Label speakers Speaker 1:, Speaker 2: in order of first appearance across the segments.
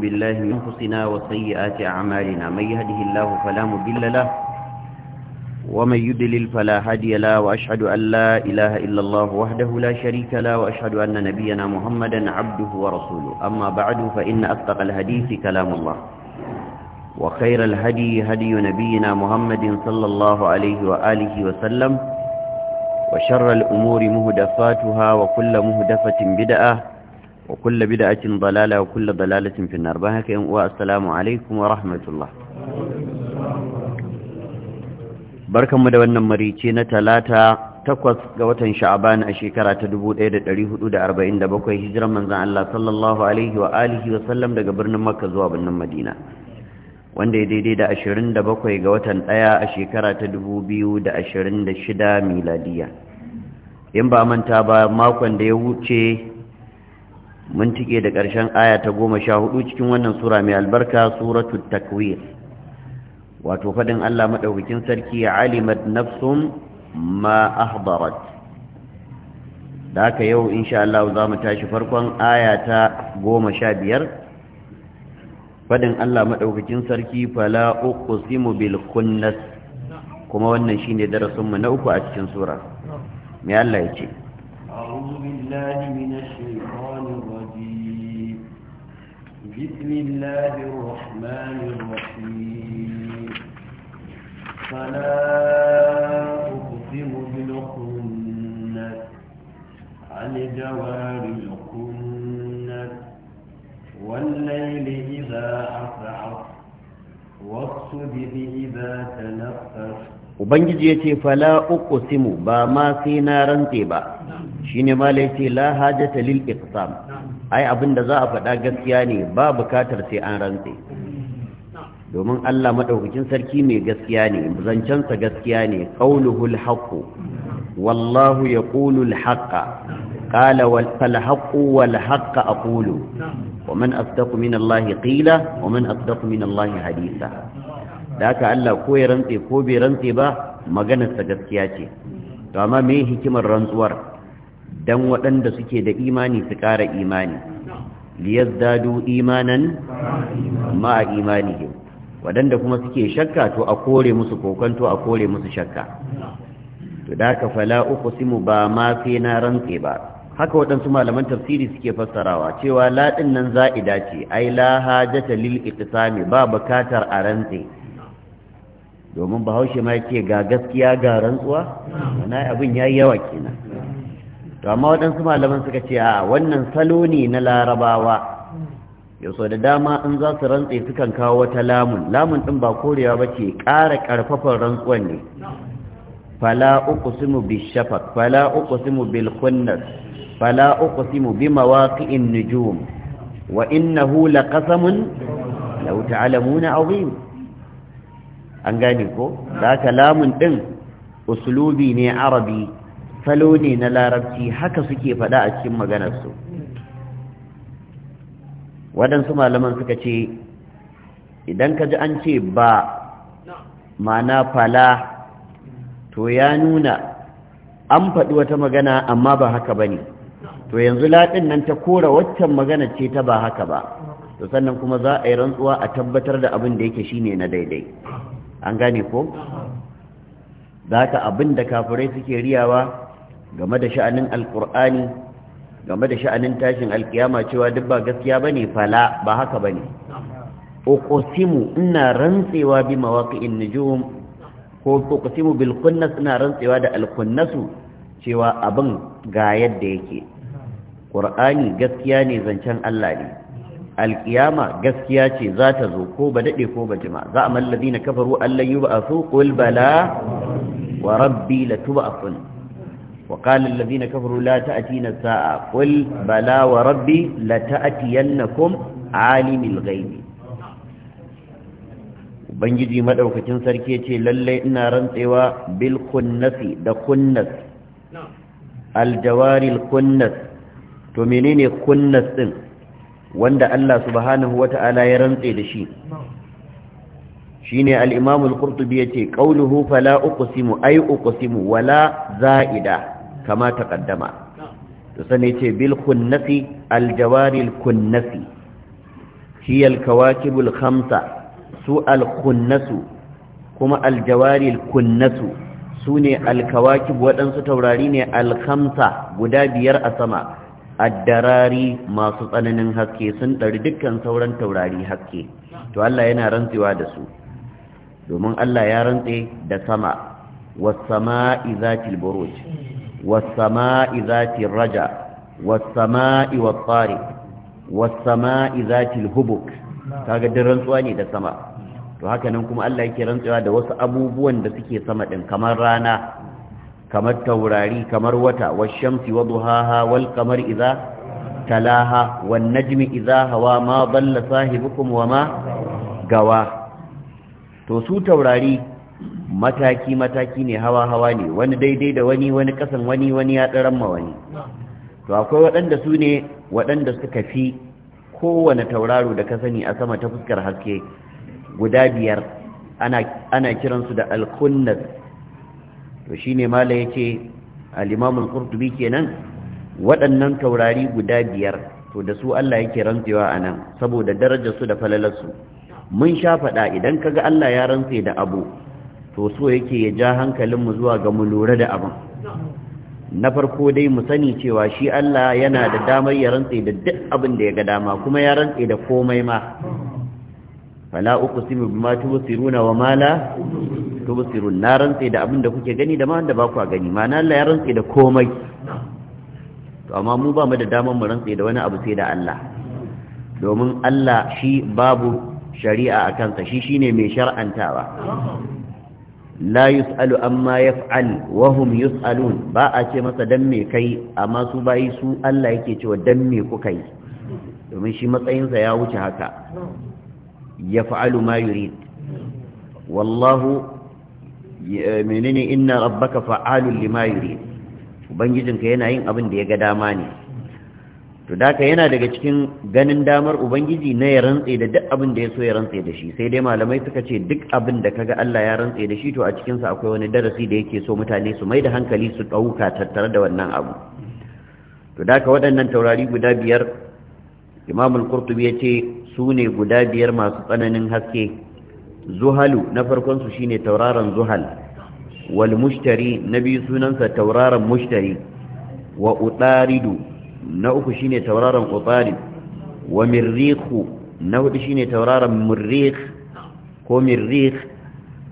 Speaker 1: بالله من أنفسنا وسيئات أعمالنا من يهده الله فلا مضل له ومن يدلل فلا هادي له وأشهد أن لا إله إلا الله وحده لا شريك له وأشهد أن نبينا محمدا عبده ورسوله أما بعد فإن أصدق الحديث كلام الله وخير الهدي هدي نبينا محمد صلى الله عليه وآله وسلم وشر الأمور مهدفاتها وكل مهدفة بدأة وكل بدعة ضلالة وكل ضلالة في النار بهك والسلام عليكم ورحمة الله wannan marice na talata takwas ga watan sha'aban a shekara ta 1447 hijiran manzan Allah sallallahu alaihi wa alihi wa sallam daga birnin Makka zuwa birnin Madina wanda ya daidai da 27 ga watan ɗaya a shekara ta 2026 miladiya in ba manta ba makon da ya wuce mun tike da ƙarshen aya ta goma sha hudu cikin wannan sura mai albarka suratul takwir wato faɗin Allah maɗaukakin sarki alimat nafsum ma ahdarat da haka yau insha Allah za mu tashi farkon aya ta goma sha biyar faɗin Allah maɗaukakin sarki fala uqsimu bil khunnas kuma wannan shine darasin mu na uku a cikin sura me Allah ya ce
Speaker 2: أعوذ بالله من الشيطان بسم الله الرحمن الرحيم فلا أقسم بالقنة عن جوار القنة والليل إذا أصعف والصبح إذا تنفف
Speaker 1: وبنجي ya فلا أقسم بما سينا ba ma sai na لا ba, للإقسام نعم. ai abin da za a faɗa gaskiya ne ba bukatar sai an rantse domin Allah madaukakin sarki mai gaskiya ne zancensa gaskiya ne qauluhul haqq wallahu yaqulu al haqqa qala wal fal haqq wal haqq aqulu ومن أصدق من الله قيلا ومن أصدق من الله حديثا ذاك ko كو rantse كو بيرنتي gaskiya ce to amma me hikimar rantsuwar dan waɗanda suke da imani su ƙara imani dadu imanan imani ne. waɗanda kuma suke shakka to a kore musu kokonto a kore musu shakka to da ka fala simu ba ma fi na rantse ba haka waɗansu malaman tafsiri suke fassarawa cewa laɗin nan za'ida ce ai la hajata lil iqtisami ba bukatar a rantse domin bahaushe ma yake ga gaskiya ga rantsuwa na abin yayi yawa kenan to amma waɗansu malaman suka ce a wannan salo ne na larabawa yau da dama in za su rantse sukan kawo wata lamun lamun ɗin ba korewa ba ce ƙara ƙarfafan rantsuwan ne fala uku uqsimu bishafaq fala uku uqsimu bil khunnas fala uku uqsimu bi in nujum wa hula innahu laqasamun law ta'lamuna azim an gane ko za da lamun ɗin uslubi ne arabi salo ne na larabci haka suke faɗa a cikin maganarsu waɗansu malaman suka ce idan ka ji an ce ba mana fala to ya nuna an faɗi wata magana amma ba haka ba ne to yanzu laɗin nan ta kora waccan magana ce ta ba haka ba to sannan kuma za a yi rantsuwa a tabbatar da abin da yake shine na daidai an gane ko za abinda abin da kafirai suke riyawa game da sha'anin alkur'ani game da sha'anin tashin alkiyama cewa duk ba gaskiya bane fala ba haka bane uqsimu ina rantsewa bi mawaqi'in nujum ko uqsimu bil kunnas ina rantsewa da alkunnasu cewa abin ga yadda yake qur'ani gaskiya ne zancen Allah ne alkiyama gaskiya ce za ta zo ko ba dade ko ba jima za amal ladina kafaru allan yub'athu qul bala wa rabbi latub'athun وقال الذين كفروا لا تأتينا الساعة قل بلى وربي لتأتينكم عالم الغيب Ubangiji maɗaukacin sarki ce lallai ina rantsewa bil da kunnas aljawaril kunnas to menene kunnas ɗin wanda Allah subhanahu wata'ala ya rantse da shi shine al-imam kurtubi qurtubi yace qawluhu fala uqsimu ay uqsimu wala za'ida kama ƙaddama to sani ce bil kunnasi al jawari al kunnasi hiya al su alkunnasu kuma aljawaril jawari al kunnasu sune al waɗansu taurari ne alhamsa guda biyar a sama
Speaker 2: addarari
Speaker 1: masu tsananin haske sun ɗari dukkan sauran taurari haske to Allah yana rantsewa da su domin Allah ya rantse da sama wasu sama zatil buruj والسماء ذات الرجع والسماء والطارق والسماء ذات الهبك kaga din rantsuwa ne da sama to haka nan kuma Allah yake rantsuwa da wasu abubuwan da suke sama din kamar rana kamar taurari kamar wata washamsi shamsi wadhuhaha wal kamar idza talaha wan najmi idza hawa ma dhalla sahibukum wama gawa to su taurari mataki mataki ne hawa hawa ne wani daidai da wani wani kasan wani wani ya ma wani to akwai waɗanda su ne waɗanda suka fi kowane tauraro da ka sani a sama ta fuskar haske guda biyar ana kiransu da alkunnas to shi ne mala ya ce alimamul kurtubi kenan waɗannan taurari guda biyar to da su Allah yake rantsewa a nan saboda darajarsu da falalarsu mun sha faɗa idan ka ga Allah ya rantse da abu to so yake ya ja hankalinmu zuwa ga mu lura da abin na farko dai mu sani cewa shi Allah yana da damar ya rantse da duk abin da ya ga dama kuma ya rantse da komai ma fala uqsimu bima tusiruna wa ma la tusirun na rantse da abin da kuke gani da ma wanda ba ku gani ma'ana Allah ya rantse da komai to amma mu ba mu da damar mu rantse da wani abu sai da Allah domin Allah shi babu shari'a a kansa shi shine mai shar'antawa la yus'alu amma yaf'al wa hum yus'alun ba a ce masa dan me kai amma su bayi su Allah yake cewa dan me kuka yi domin shi matsayinsa ya wuce haka yaf'alu ma yurid wallahu menene inna rabbaka fa'alun lima yurid ubangijinka yana yin abin da ya ga dama ne to da yana daga cikin ganin damar ubangiji na ya rantse da duk abin da ya so ya rantse da shi sai dai malamai suka ce duk abin da kaga Allah ya rantse da shi to a cikin sa akwai wani darasi da yake so mutane su mai da hankali su dauka tattare da wannan abu to da waɗannan taurari guda biyar Imam al-Qurtubi ya ce su ne guda biyar masu tsananin haske zuhalu na farkon su shine tauraron zuhal wal mushtari na biyu sunansa tauraron mushtari wa utaridu na uku ne tauraron utalib wa mirriku na hudu shine tauraron murrik ko mirrik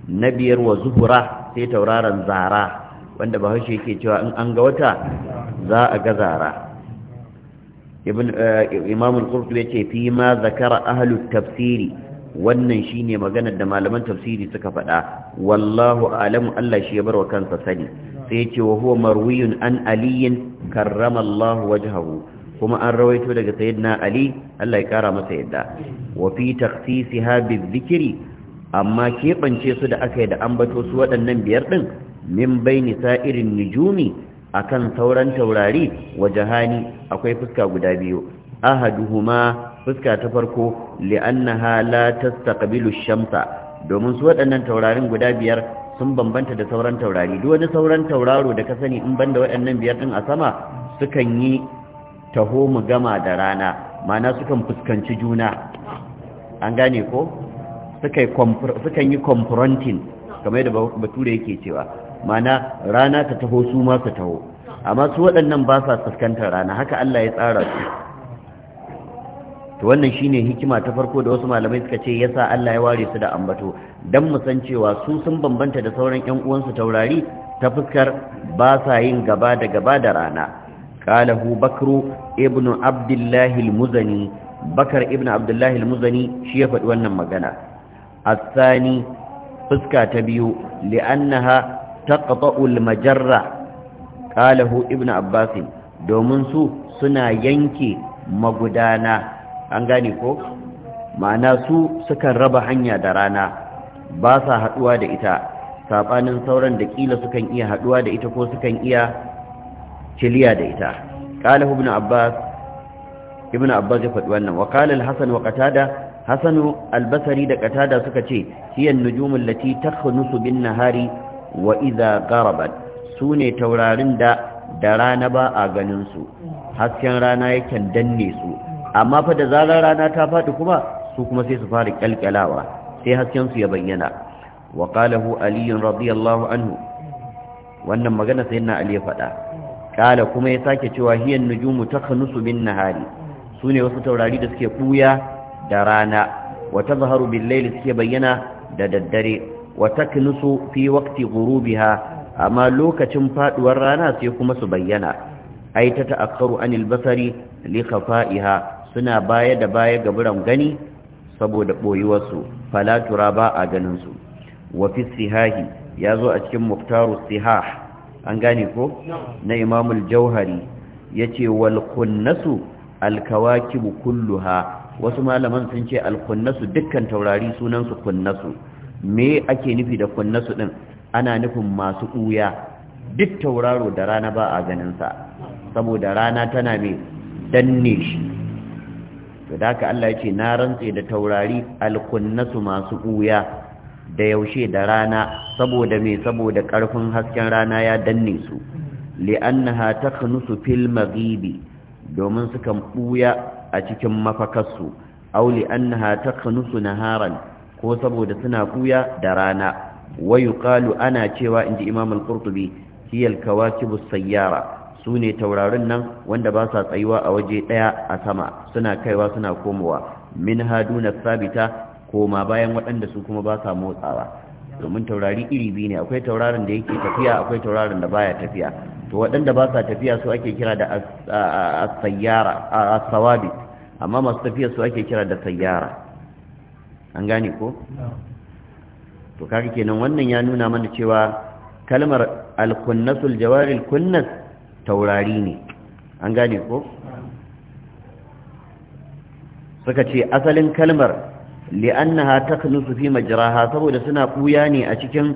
Speaker 1: na biyar wa zuhura sai tauraron zara wanda bahaushe yake cewa in an ga wata za a ga zara eh, imam al-qurtubi ce fi ma zakara ahlut tafsiri wannan shine maganar da malaman tafsiri suka faɗa wallahu alamu Allah shi ya bar wa kansa sani sai yace wa huwa marwiyun an aliyin karramallahu wajhahu kuma an rawaito daga sayyidina ali Allah ya kara masa yadda wa fi taqsisiha bizikri amma kebance su da aka yi da ambato su waɗannan biyar din min baini sa'irin nujumi akan sauran taurari wa akwai fuska guda biyu ahaduhuma fuska ta farko li'annaha la tastaqbilu ash-shamsa domin su waɗannan taurarin guda biyar sun bambanta da sauran taurari duk wani sauran tauraro da ka sani in banda waɗannan biyar din a sama sukan yi taho mu gama da rana ma'ana sukan fuskanci juna an gane ko sukan yi confronting kamar yadda bature yake cewa ma'ana rana ta taho su ma su taho amma su waɗannan ba sa fuskantar rana haka Allah ya tsara su to wannan shine hikima ta farko da wasu malamai suka ce yasa Allah ya ware su da ambato dan mu san cewa su sun bambanta da sauran ƴan uwansu taurari ta fuskar ba sa yin gaba da gaba da rana hu bakru ibnu abdullahi al bakar ibnu abdullahi al shi ya faɗi wannan magana asani fuska ta biyu li'annaha taqta'u al-majarra hu Ibn abbas domin su suna yanke magudana an gane ko ma'ana su sukan raba hanya da rana ba sa haɗuwa da ita saɓanin sauran da ƙila sukan iya haɗuwa da ita ko sukan iya ciliya da ita ƙala ibn abbas ibn abbas ya faɗi wannan wa ƙala al-hasan wa qatada hasanu albasari da qatada suka ce hiya an-nujum allati takhnusu bin-nahari wa idha gharabat sune taurarin da da rana ba a ganin su hasken rana yakan danne su amma fa da zarar rana ta faɗi kuma su kuma sai su fara kyalkyalawa sai hasken su ya bayyana wa qalahu radiyallahu anhu wannan magana sai na ali faɗa Ƙala. kuma ya sake cewa hiyan nujumu kanusu bin nahari sune wasu taurari da suke ɓuya da rana Wata zahar'u bin laili suke bayyana da daddare wata taknusu fi waqti ghurubiha amma lokacin faɗuwar rana sai kuma su bayyana ai ta ta'akkaru anil basari li khafa'iha suna baya da baya ga buran gani saboda ɓoyuwarsu falatura ba a ganinsu wafi sihahi ya zo a cikin muftaru sihah an gane ko na imamul jauhari ya ce walkunnasu alkawakibu kulluha wasu malaman sun ce alkunnasu dukkan taurari sunansu kunnasu me ake nufi da kunnasu din ana nufin masu ɓuya duk tauraro da rana ba a ganinsa saboda rana tana mai danne shi to da haka Allah ce na rantse da taurari alkunnatu masu buya da yaushe da rana saboda me saboda karfin hasken rana ya danne su li'annaha takhnusu fil maghibi domin suka ɓuya a cikin mafakarsu aw li'annaha takhnusu naharan ko saboda suna buya da rana wa yuqalu ana cewa inji Imam al-Qurtubi ki kawakibus sayyara su ne taurarin nan wanda ba sa tsayuwa a waje ɗaya a sama suna kaiwa suna komowa min na sabita koma bayan waɗanda su kuma ba sa motsawa domin taurari iri biyu ne akwai taurarin da yake tafiya akwai taurarin da baya tafiya to waɗanda ba sa tafiya su ake kira da as-sayyara as amma masu tafiya su ake kira da sayyara an gane ko to kaga kenan wannan ya nuna mana cewa kalmar al-kunnasul jawaril kunnas taurari ne an gane ko suka ce asalin kalmar li'annaha Taknisu, fi majraha saboda suna ɓuya ne a cikin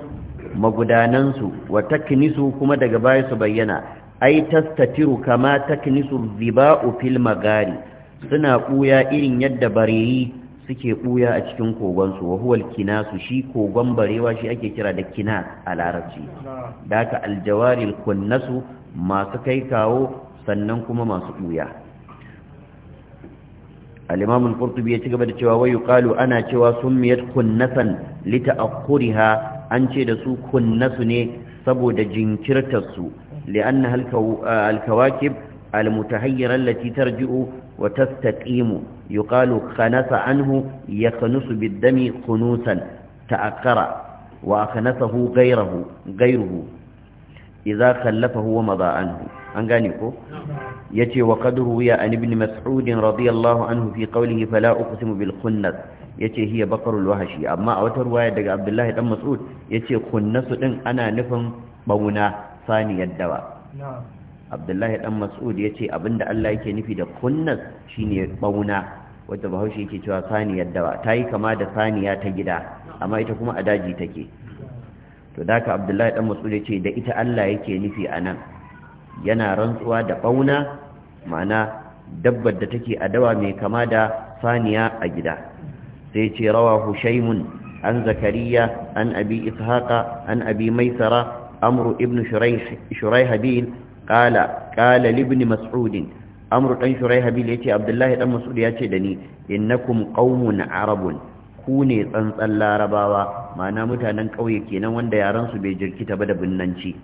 Speaker 1: magudanansu wa taknisu kuma daga baya su bayyana ai tastatiru kama taknisu ziba'u fil magari suna buya irin yadda bareyi suke ɓuya a cikin kogonsu wa huwal kinasu shi kogon barewa shi ake kira da kina a larabci da aka aljawari kunnasu masu kai kawo sannan kuma masu ɓuya alimamin imam ya ci gaba da cewa wayu yuqalu ana cewa summiyat kunnatan lita'akhuriha an ce da su kunnasu ne saboda jinkirtar su li'anna uh, al-kawakib al-mutahayyira allati tarji'u wa tastaqimu yuqalu khanasa anhu yaknusu bid khunusan ta'akkara wa akhnasahu ghayrahu ghayruhu idza khallafa huwa mada'anhu an gane ko yace wa qad ruwiya an ibn mas'ud radiyallahu anhu fi qawlihi fala uqsimu bil khunnas yace hiya baqarul wahshi amma a wata ruwaya daga abdullahi dan mas'ud yace khunnasu din ana nufin bauna saniyar dawa abdullahi dan mas'ud yace abinda Allah yake nufi da kunnas shine bauna wanda bahaushe yake cewa saniyar dawa tayi kama da saniya ta gida amma ita kuma a daji take to da abdullahi dan mas'ud ya ce da ita Allah yake nufi a nan yana rantsuwa da bauna ma'ana dabbar da take adawa mai kama da saniya a gida sai ce rawahu shaymun an zakariya an abi ishaqa an abi maisara amru ibnu shuraihabil qala qala li mas'ud amru dan shuraihabil yace abdullahi dan mas'ud yace da ni innakum qaumun arabun ku ne tsantsan larabawa ma'ana mutanen ƙauye kenan wanda yaran su bai jirkita ba da binnanci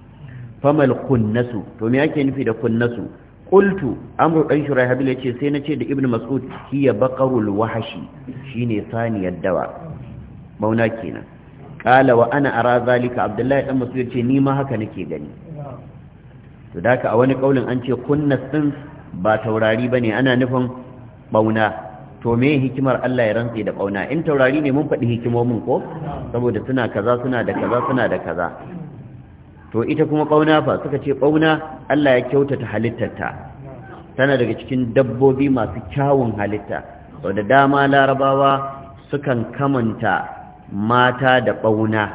Speaker 1: famal kunnasu to me ake nufi da kunnasu qultu amru dan habil yace sai nace da ibnu mas'ud hiya baqarul wahshi shine saniyar dawa mauna kenan qala wa ana ara zalika abdullahi dan mas'ud yace ni ma haka nake gani to daka a wani kaulin an ce kunnas ba taurari bane ana nufin bauna to me hikimar Allah ya rantse da kauna in taurari ne mun faɗi hikimomin ko saboda suna kaza suna da kaza suna da kaza to ita kuma kauna fa suka ce kauna Allah ya kyautata halittarta tana daga cikin dabbobi masu kyawun halitta to da dama larabawa sukan kamanta mata da bauna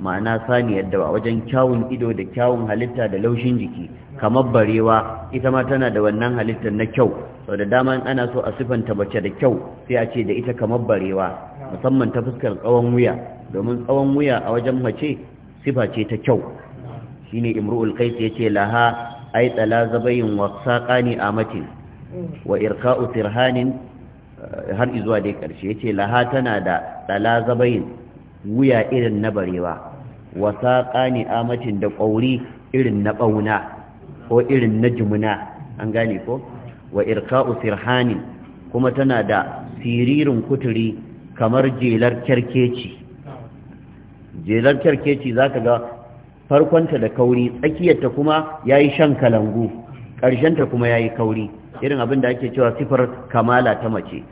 Speaker 1: ma'ana saniyar da wajen kyawun ido da kyawun halitta da laushin jiki kamar barewa ita ma tana da wannan halittar na kyau sau da dama ana so a siffanta mace da kyau sai a ce da ita kamar barewa musamman ta fuskar tsawon wuya domin tsawon wuya a wajen mace siffa ce ta kyau Shi Imru imru'ul ya ce laha ai tsala zabayin wa a mace wa irqa'u sirhanin eh, har izuwa dai karshe ce laha tana da tsala zabayin wuya irin na barewa wa a mace da ƙauri irin na ɓauna ko irin na jumuna an gane ko wa irka'u sirhanin kuma tana da siririn kuturi kamar jelar Kerkeci. jelar Kerkeci za ka ga farkonta da kauri tsakiyarta kuma ya yi shan kalangu ƙarshenta kuma ya yi kauri irin abin da ake cewa sifar kamala ta mace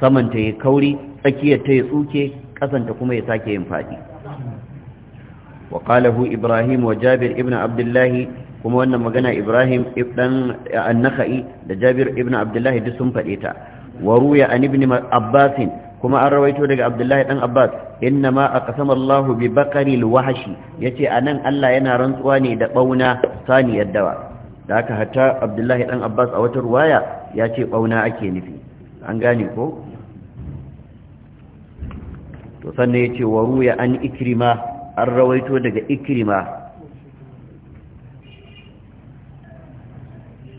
Speaker 1: samanta ya kauri tsakiyarta ya tsuke ƙasanta kuma ya sake yin faɗi وقاله إبراهيم wa ابن عبد Abdullahi. kuma wannan magana Ibrahim ibn an da Jabir ibn Abdullah duk sun faɗe ta wa an ibn kuma an rawaito daga abdullahi dan Abbas innama aqsama Allahu bi baqari al yace anan Allah yana rantsuwa ne da bauna saniyar dawa da aka hatta abdullahi dan Abbas a wata ruwaya yace ɓauna ake nufi an gane ko to sannan yace wa an ikrima an rawaito daga ikrima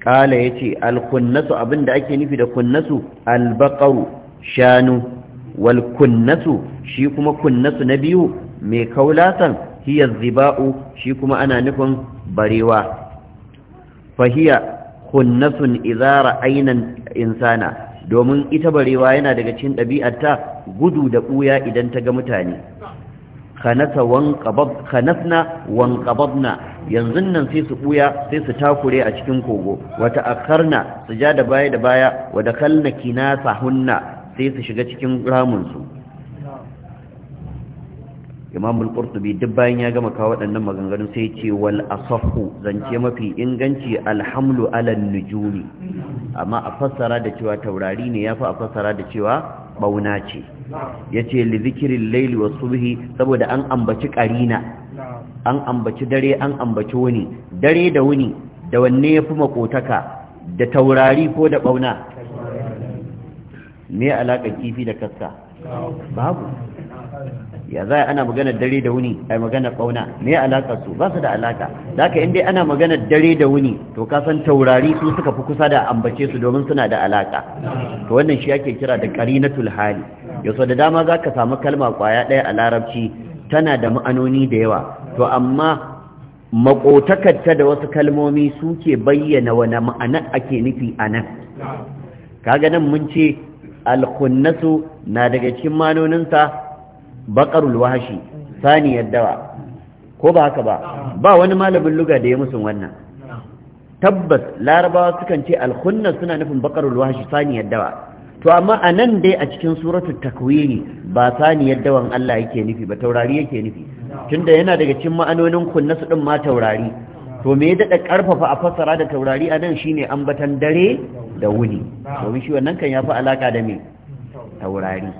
Speaker 1: kala yace al-kunnatu abinda ake nufi da kunnatu albakaru, shanu wal kunnatu shi kuma kunnatu na biyu mai kaulatan hiya ziba'u shi kuma ana nufin barewa fahiya kunnatun idza ra'ayna insana domin ita barewa yana daga cikin ɗabi'arta gudu da ɓuya idan ta ga mutane kanasna wanqabab yanzu nan sai su buya sai su takure a cikin kogo wata akarna su ja da baya da baya wada kalna kina hunna sai su shiga cikin ramun su imam al-qurtubi duk bayan ya gama kawo waɗannan maganganun sai ce wal asahu zance mafi inganci alhamlu ala nujumi amma a fassara da cewa taurari ne yafi a fassara da cewa bauna ce yace li zikirin layli was subhi saboda an ambaci qarina an ambaci dare an ambaci wuni dare da wuni da wanne ya fi makotaka da taurari ko da ɓauna me alaƙar kifi da kaska babu ya za ana magana dare da wuni ai magana ɓauna me alaƙar su ba su da alaƙa da in dai ana magana dare da wuni to ka san taurari su suka fi kusa da ambace su domin suna da alaƙa to wannan shi ake kira da qarinatul hali yau da dama za ka samu kalma ƙwaya ɗaya a larabci tana da ma'anoni da yawa to amma makotakarta da wasu kalmomi suke bayyana wani ma'ana ake nufi a nan kaga nan mun ce alkunnasu na daga cikin manoninsa baƙarul wahashi saniyar dawa ko ba haka ba ba wani malamin luga da ya musun wannan tabbas larabawa sukan ce alkunna suna nufin baƙarul wahashi saniyar dawa to amma a nan dai a cikin suratu takwini ba saniyar dawan Allah yake nufi ba taurari yake nufi tunda yana daga cikin ma'anonin kunnasu din ma taurari to me ya dada karfafa a fassara da taurari a nan shine ambatan dare da wuni domin shi wannan kan yafi alaka da mai taurari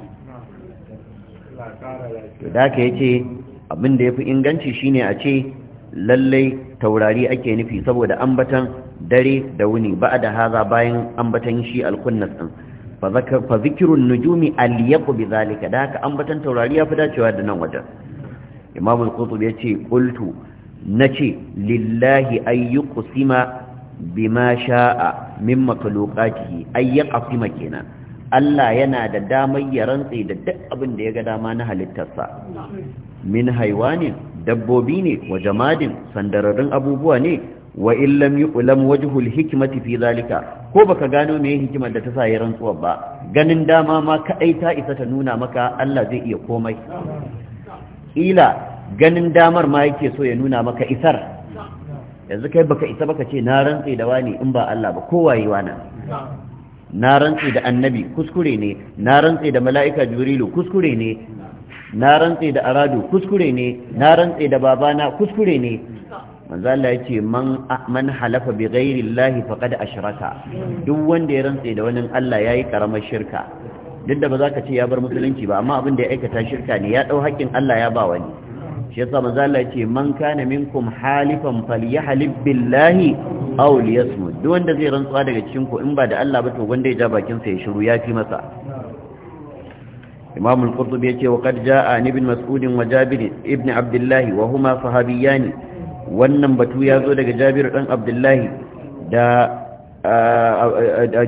Speaker 2: to da ka yace abin da yafi inganci shine a ce lallai taurari ake nufi saboda ambatan
Speaker 1: dare da wuni ba da haza bayan ambatan shi alkunnas din fa zikirun nujumi aliyaku bi zalika da haka ambatan taurari ya fi dacewa da nan wajen imam al-qutub yace na ce, lillahi ay yuqsima bima sha'a min makhluqatihi ay yaqsima kenan Allah yana da damar ya rantsi da duk abin da ya ga dama na halittarsa min haiwanin dabbobi ne wa jamadin sandararrun abubuwa ne wa illam yuqlam wajhul hikmati fi zalika ko baka gano me hikimar da ta sa ya rantsuwa ba ganin dama ma kaɗai ta isa ta nuna maka Allah zai iya komai ƙila ganin damar ma yake so ya nuna maka isar yanzu kai baka isa baka ce na rantse da wani in ba Allah ba kowaye wani na rantse da annabi kuskure ne na rantse da mala'ika jibrilu kuskure ne na rantse da aradu kuskure ne na rantse da babana kuskure ne manzo Allah yace man man halafa bi ghairi Allah faqad ashraka duk wanda ya rantse da wani Allah yayi karamar shirka duk da ba za ka ce ya bar musulunci ba amma abin da ya aikata shirka ne ya dau haƙƙin Allah ya ba wani shi yasa manzo Allah ya ce man kana minkum halifan falyahlib billahi aw liyasmut duk wanda zai rantsuwa daga cikin ku in ba da Allah ba to wanda ya ja bakin sa ya shiru ya fi masa Imam al-Qurtubi yace wa qad jaa ibn Mas'ud wa Jabir ibn Abdullah wa huma sahabiyan wannan batu ya zo daga Jabir dan Abdullah da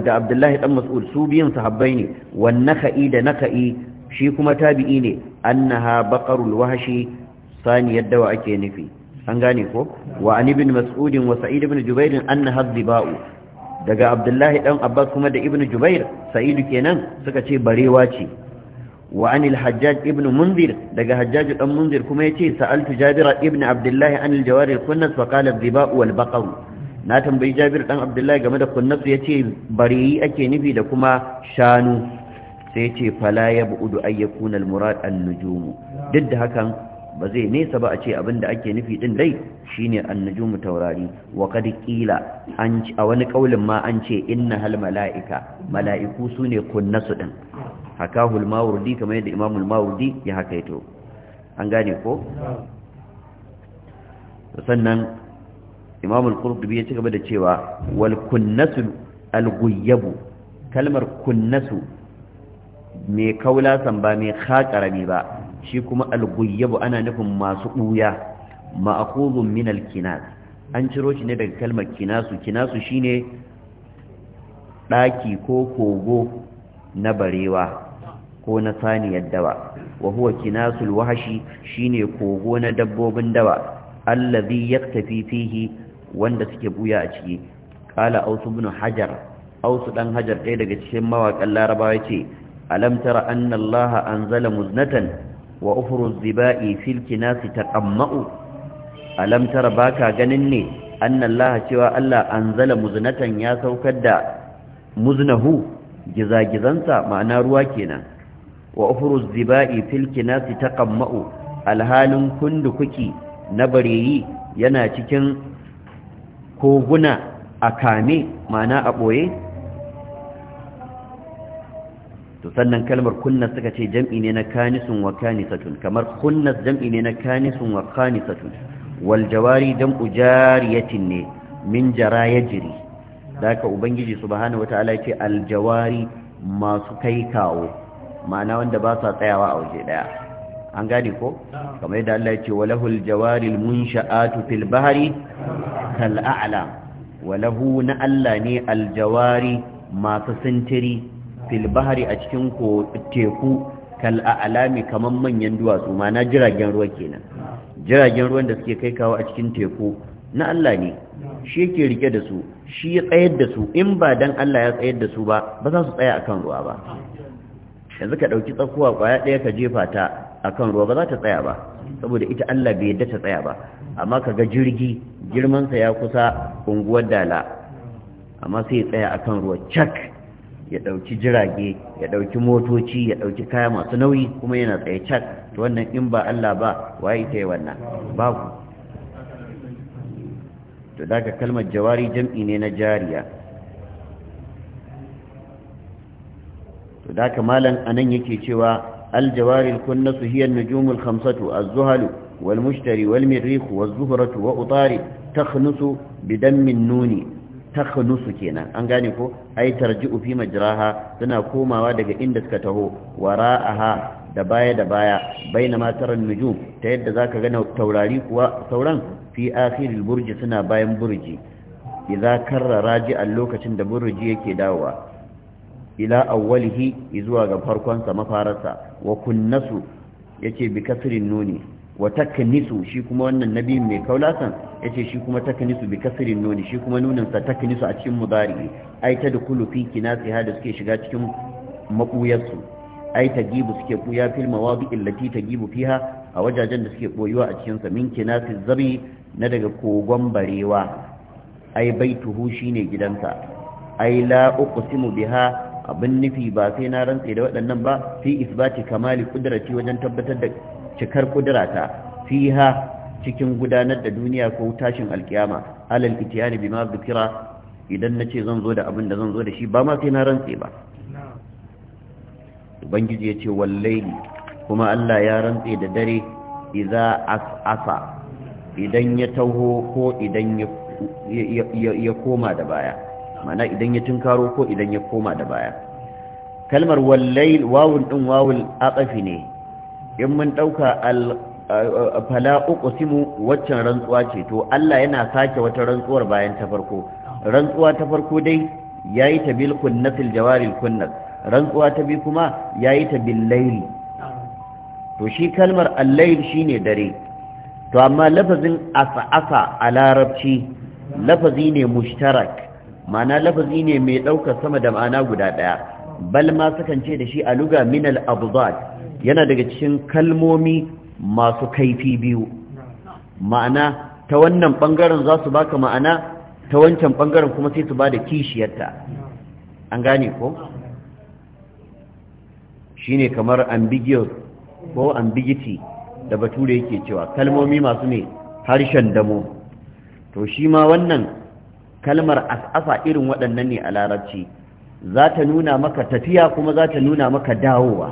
Speaker 1: da abdullahi dan mas'ud su biyun sahabbai ne wan naka'i da naka'i shi kuma tabi'i ne annaha baqarul wahshi saniyar dawa ake nufi an gane ko wa an ibn mas'ud wa sa'id ibn jubair annaha dhiba'u daga abdullahi dan abbas kuma da ibn jubair sa'id kenan suka ce barewa ce wa anil hajjaj ibn munzir daga hajjaj dan munzir kuma yace sa'altu jabira ibn abdullahi anil jawari kunnas wa qala dhiba'u wal baqaru na tambayi jabir dan abdullahi game da kunnafsu ya ce bareyi ake nufi da kuma shanu sai ce fala ya bu'udu ayyakun almurad annujumu duk da hakan ba zai nesa ba a ce abinda ake nufi din dai shine annujumu taurari wa qad qila an a wani kaulin ma an ce innahal malaika malaiku sune kunnasu din hakahul mawardi kamar yadda imamul mawardi ya hakaito an gane ko sannan imam al ya ci gaba da cewa wal kunnasu al-ghuyab kalmar kunnasu me kaula ba me khakarami ba shi kuma al-ghuyab ana nufin masu buya ma'khudun min al-kinas an ciro shi ne daga kalmar kinasu kinasu shine daki ko kogo na barewa ko na saniyar dawa wa huwa kinasul wahashi shine kogo na dabbobin dawa allazi yaktafi fihi wanda suke buya a ciki qala aus ibn hajar Ausu dan hajar ɗaya daga cikin mawaƙan larabawa ce. alam tara anna allah anzala muznatan wa ufru zibai fil kinasi taqammu alam tara baka ganin ne anna allah cewa allah anzala muznatan ya saukar da muznahu gizagizansa ma'ana ruwa kenan wa ufru zibai fil kinasi taqammu alhalin kuki na bareyi yana cikin koguna a kame mana a ɓoye to sannan kalmar kunnas suka ce jam'i ne na kanisun wa kanisatun kamar kunnas jam'i ne na kanisun wa kanisatun wal jawari jam'u jariyatin ne min jara ya jiri da haka ubangiji subhanahu wata'ala ce aljawari masu kai kawo ma'ana wanda ba sa tsayawa a waje daya an gane ko kamar yadda Allah ya ce walahul jawaril munsha'atu fil bahri kal a'la walahu na Allah ne al jawari masu sintiri fil bahri a cikin ko teku kal a'lami kamar manyan duwatsu na jiragen ruwa kenan jiragen ruwan da suke kai kawo a cikin teku na Allah ne shi yake rike da su shi ya tsayar da su in ba dan Allah ya tsayar da su ba ba za su tsaya akan ruwa ba yanzu ka ɗauki tsakuwa ƙwaya ɗaya ka jefa ta akan ruwa ba za ta tsaya ba saboda ita Allah bai yadda ta tsaya ba amma ka ga jirgi girman sa ya kusa unguwar dala amma sai ya tsaya akan ruwa cak ya ɗauki jirage ya ɗauki motoci ya ɗauki kaya masu nauyi kuma yana tsaye cak to wannan in ba Allah ba waye ta yi wannan babu to daga kalmar jawari jam'i ne na jariya to daga malam anan yake cewa الجوار الكنس هي النجوم الخمسة الزهل والمشتري والمريخ والزهرة وأطارد تخنس بدم النون تخنس كينا أنغانيكو أي ترجئ في مجراها تناكوما ودك إندسكته وراءها دبايا دبايا بينما ترى النجوم تيد ذاك غنى التوراريك وثوران في آخر البرج سنا باين برجي إذا كر راجع اللوكة دبرجي كداوة ila awwalihi zuwa ga farkonsa mafararsa wa kunnasu yace bi kasrin nuni wa taknisu shi kuma wannan nabi mai kaulatan yace shi kuma taknisu bi kasrin nuni shi kuma nunin sa taknisu a cikin mudari ai ta dukulu fi kinasi hada suke shiga cikin mabuyarsu ai ta gibu suke kuya fil mawadi ta gibu fiha a wajajen da suke boyuwa a cikin sa min kinasi zabi na daga kogon barewa ai baituhu shine gidansa ai la uqsimu biha abin nufi ba sai na rantse da waɗannan ba fi isbati kamali kudrati wajen tabbatar da cikar kudrata fiha cikin gudanar da duniya ko tashin alkiyama alal itiyani bima bikira idan nace zan zo da abin da zan zo da shi ba ma sai na rantse ba ubangiji ya ce wallaili kuma Allah ya rantse da dare idza asafa idan ya taho ko idan ya koma da baya mana idan ya tunkaro ko idan ya koma da baya kalmar wallail wawul din wawul aqafi ne in mun dauka al fala uqsimu waccan rantsuwa ce to Allah yana sake wata rantsuwar bayan ta farko rantsuwa ta farko dai yayi ta bil kunnatil jawaril kunnat rantsuwa ta bi kuma yayi ta bil layl to shi kalmar al-layl shine dare to amma lafazin asa a larabci lafazi ne mushtarak ma'ana lafazi ne mai ɗaukar sama da ma'ana guda ɗaya bal ma sukan ce da shi a luga minal abuzad yana daga cikin kalmomi masu kaifi biyu ma'ana ta wannan ɓangaren za su baka ma'ana ta wancan ɓangaren kuma sai su ba da kishiyarta an gane ko shi ne kamar ambiguous ko ambiguity da bature yake cewa kalmomi masu ne harshen damo to shi ma wannan kalmar as'afa irin waɗannan ne a larabci za ta nuna maka tafiya kuma za ta nuna maka dawowa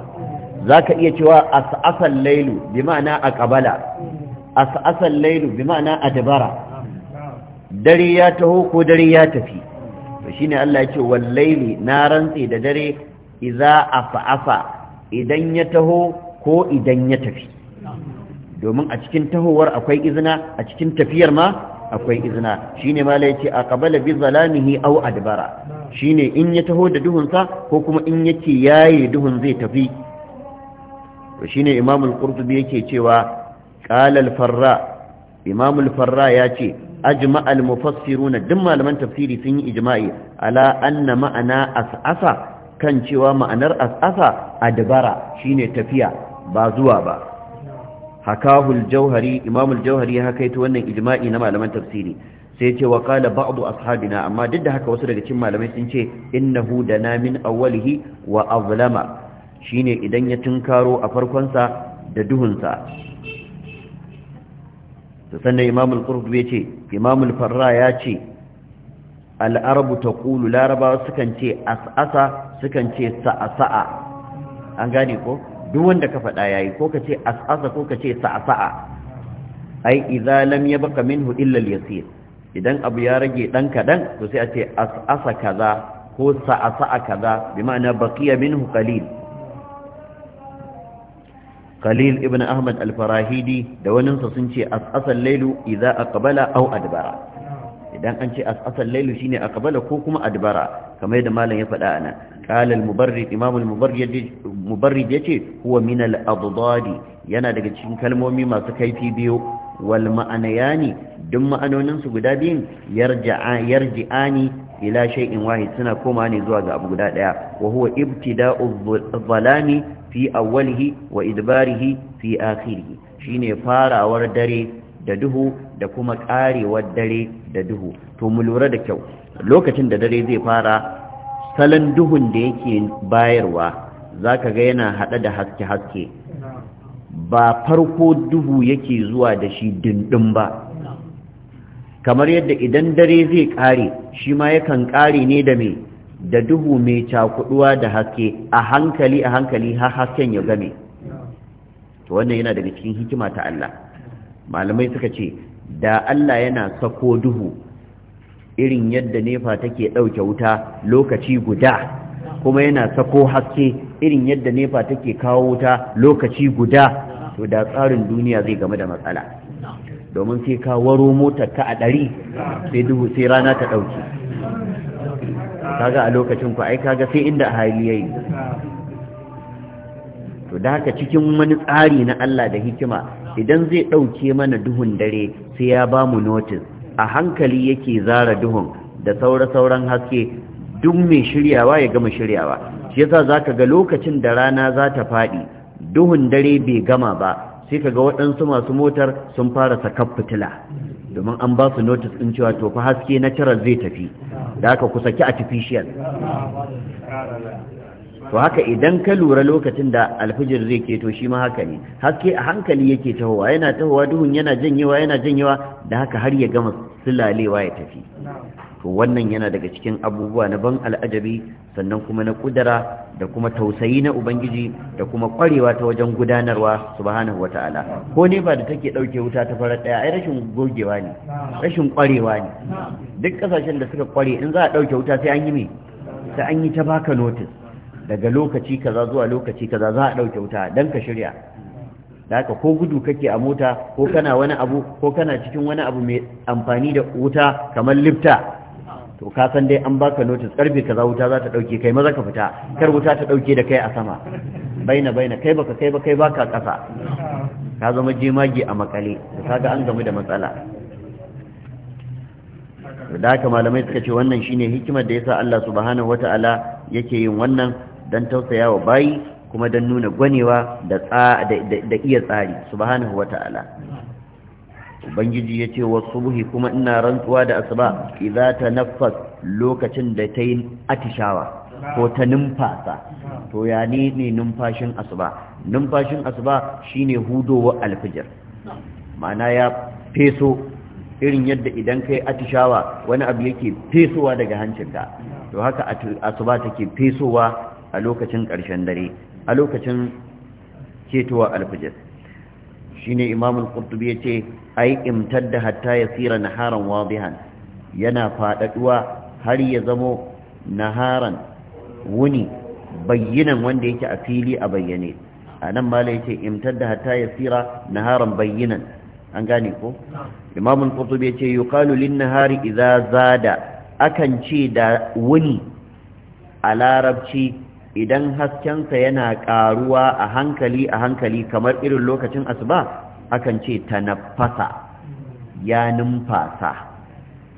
Speaker 1: za ka iya cewa as'afan lailu bi ma'ana a ƙabala as'afan lailu bi ma'ana a dabara dare ya taho ko dare ya tafi to ne Allah ya ce wallaili na rantse da dare idza afa'afa idan ya taho ko idan ya tafi domin a cikin tahowar akwai izina a cikin tafiyar ma akwai izna shine mala a aqbala bi zalamihi au adbara shine in ya taho da duhunsa ko kuma in yake yaye duhun zai tafi Shi ne imamul al yake cewa Ƙalal al-farra imam al-farra yace ajima al-mufassiruna duk malaman tafsiri sun yi ijima'i ala anna ma'ana as'asa kan cewa ma'anar as'asa adbara shine tafiya ba zuwa ba hakahul jauhari imamul jauhari ya kaito wannan ijma'i na malaman tafsiri sai ce wa qala ba'd ashabina amma duk da haka wasu daga cikin malamai sun ce 'Inna hu da dana min awwalihi wa azlama shine idan ya tunkaro a farkon sa da duhunsa. sa sannan imamul qurtubi ce imamul farra ya ce al'arabu taqulu larabawa sukan ce as'asa sukan ce sa'a sa'a duk wanda ka faɗa yayi ko ka ce as'asa ko ka ce sa'sa'a ai idza lam yabqa minhu illa al-yasir idan abu ya rage dan kadan to sai a ce as'asa kaza ko sa'sa'a kaza bi ma'ana baqiya minhu qalil qalil ibn ahmad al-farahidi da waninsa sun ce as'asal Laylu idza aqbala aw adbara idan an ce as'asal Laylu shine aqbala ko kuma adbara kamar yadda malam ya faɗa anan qala al-mubarrid imam al-mubarrid yace huwa min yana daga cikin kalmomi masu kaifi biyu wal ma'anayani duk ma'anonin su guda biyun yarja'a yarji'ani ila shay'in wahid suna koma ne zuwa ga abu guda daya wa huwa ibtida'u dhalami fi awwalihi wa idbarihi fi akhirihi shine farawar dare da duhu da kuma karewar dare da duhu to mu lura da kyau lokacin da dare zai fara salon duhun da yake bayarwa za ka ga yana haɗa da haske-haske ba farko duhu yake zuwa da shi dindin ba kamar yadda idan dare zai ƙare shi ma yakan ƙare ne da mai da duhu mai cakuduwa da haske a hankali a hankali har hasken ya game to wannan yana daga cikin hikima ta Allah malamai suka ce da Allah yana sako duhu irin yadda nefa take ɗauke wuta lokaci guda kuma yana sako haske irin yadda nefa take kawo wuta lokaci guda to da tsarin duniya zai game da matsala domin sai ka waro motar ka a ɗari sai duhu sai rana ta ɗauke kaga a lokacin ku ai kaga sai inda hali yayi to da haka cikin wani tsari na Allah da hikima idan zai ɗauke mana duhun dare sai ya ba mu notice a hankali yake zara duhun da saura-sauran haske duk mai shiryawa ya gama shiryawa shi yasa zaka ga lokacin da rana za ta faɗi duhun dare bai gama ba sai ka ga waɗansu masu motar sun fara sakar fitila domin an ba su notis ɗin cewa to fa haske na tirar zai tafi da aka ku saki artificial
Speaker 2: to haka idan
Speaker 1: ka lura lokacin da alfijir zai keto shi ma haka ne haske a hankali yake tahowa yana tahowa duhun yana janyewa yana janyewa da haka har ya gama sulalewa ya tafi to wannan yana daga cikin abubuwa na ban al'ajabi sannan kuma na kudara da kuma tausayi na ubangiji da kuma kwarewa ta wajen gudanarwa subhanahu wata'ala ko ne ba da take dauke wuta ta farar daya ai rashin gogewa ne rashin kwarewa ne duk kasashen da suka kware in za a dauke wuta sai an yi me sai an yi ta baka notice daga lokaci kaza zuwa lokaci kaza za a ɗauke wuta don ka shirya da haka ko gudu kake a mota ko kana wani abu ko kana cikin wani abu mai amfani da wuta kamar lifta to ka san dai an baka notice karfe kaza wuta za ta ɗauke kai maza ka fita kar wuta ta ɗauke da kai a sama baina baina kai baka kai ba kai baka ƙasa ka zama jemage a makale da kaga an gamu da matsala da haka malamai suka ce wannan shine hikimar da yasa Allah subhanahu wata'ala yake yin wannan don tausaya wa bayi kuma don nuna gwanewa da iya tsari subhanahu wata'ala ubangiji ya ce wasu kuma ina rantsuwa da asuba idza ta lokacin da ta yi atishawa ko ta numfasa to ya ne ne numfashin asuba numfashin asuba shine hudowa alfijir ma'ana ya feso irin yadda idan kai atishawa wani abu yake fesowa daga hancinka to haka asuba take fesowa a lokacin ƙarshen dare a lokacin ketowa shi ne imam al-qurtubi yace ai da hatta ya na naharan wadihan yana faɗaɗuwa har ya zamo naharan wuni bayyanan wanda yake a fili a bayyane A nan mala imtar da hatta ya na naharan bayyanan an gane ko imam al ce yace yuqalu lin-nahari idza zada akan ce da wuni a larabci idan haskensa yana ƙaruwa a hankali a hankali kamar irin lokacin asuba akan ce ta nafasa ya numfasa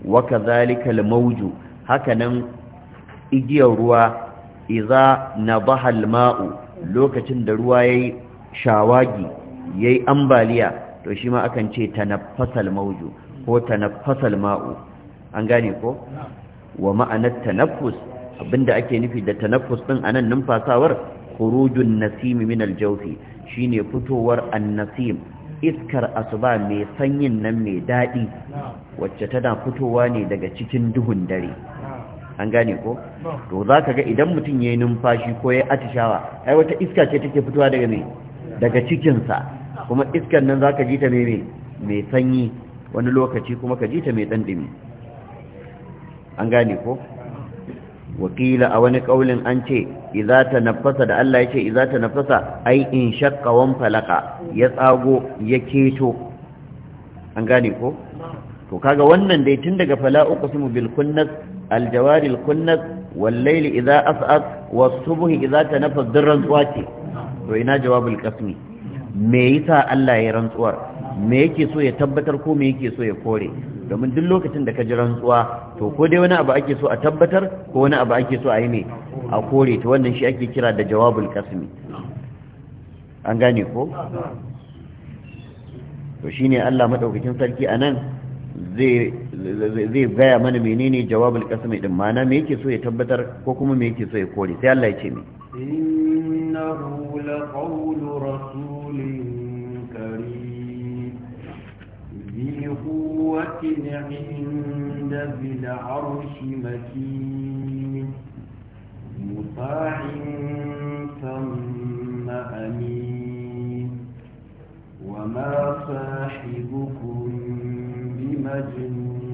Speaker 1: waka zalikal mauju hakanan igiyar ruwa iza na bahal ma'u lokacin da ruwa ya shawagi ya yi ambaliya to shi ma akan ce ta nafasal mauju ko ta nafasal ma'u an gane ko wa ma'anar ta nafus abinda ake nufi da tanaffus din anan numfasawar khurujun nasim min aljawfi shine fitowar annasim iskar asuba mai sanyin nan mai dadi wacce tana fitowa ne daga cikin duhun dare an gane ko to zaka ga idan mutum yayin numfashi ko yayin atishawa ai wata iska ce take fitowa daga ne? daga cikin sa kuma iskar nan zaka ji ta mai mai sanyi wani lokaci kuma ka ji ta mai dandimi an gane ko wakila a wani ƙaunin an ce iza ta nafasa da Allah ya ce iza ta nafasa ai in shakka wan falaka ya tsago ya keto an gane ko to kaga wannan dai tun daga fala uqsimu bil kunnas al jawari al kunnas wal layl idza wasu buhi, subhi idza tanaffas dirran zuwa ce to ina jawabin kasmi? me yasa Allah ya rantsuwar me yake so ya tabbatar ko me yake so ya kore domin duk lokacin da ka ji rantsuwa to ko dai wani abu ake so a tabbatar ko wani abu ake so a yi ne a kore to wannan shi ake kira da jawabul kasmi an gane ko to shine Allah madaukakin sarki anan zai gaya mana menene jawabul kasmi din mana me yake so ya tabbatar ko kuma me yake so ya kore sai Allah ya ce me.
Speaker 2: innahu واقع عند ذي العرش مكين مطاع ثم أمين وما صاحبكم بمجنون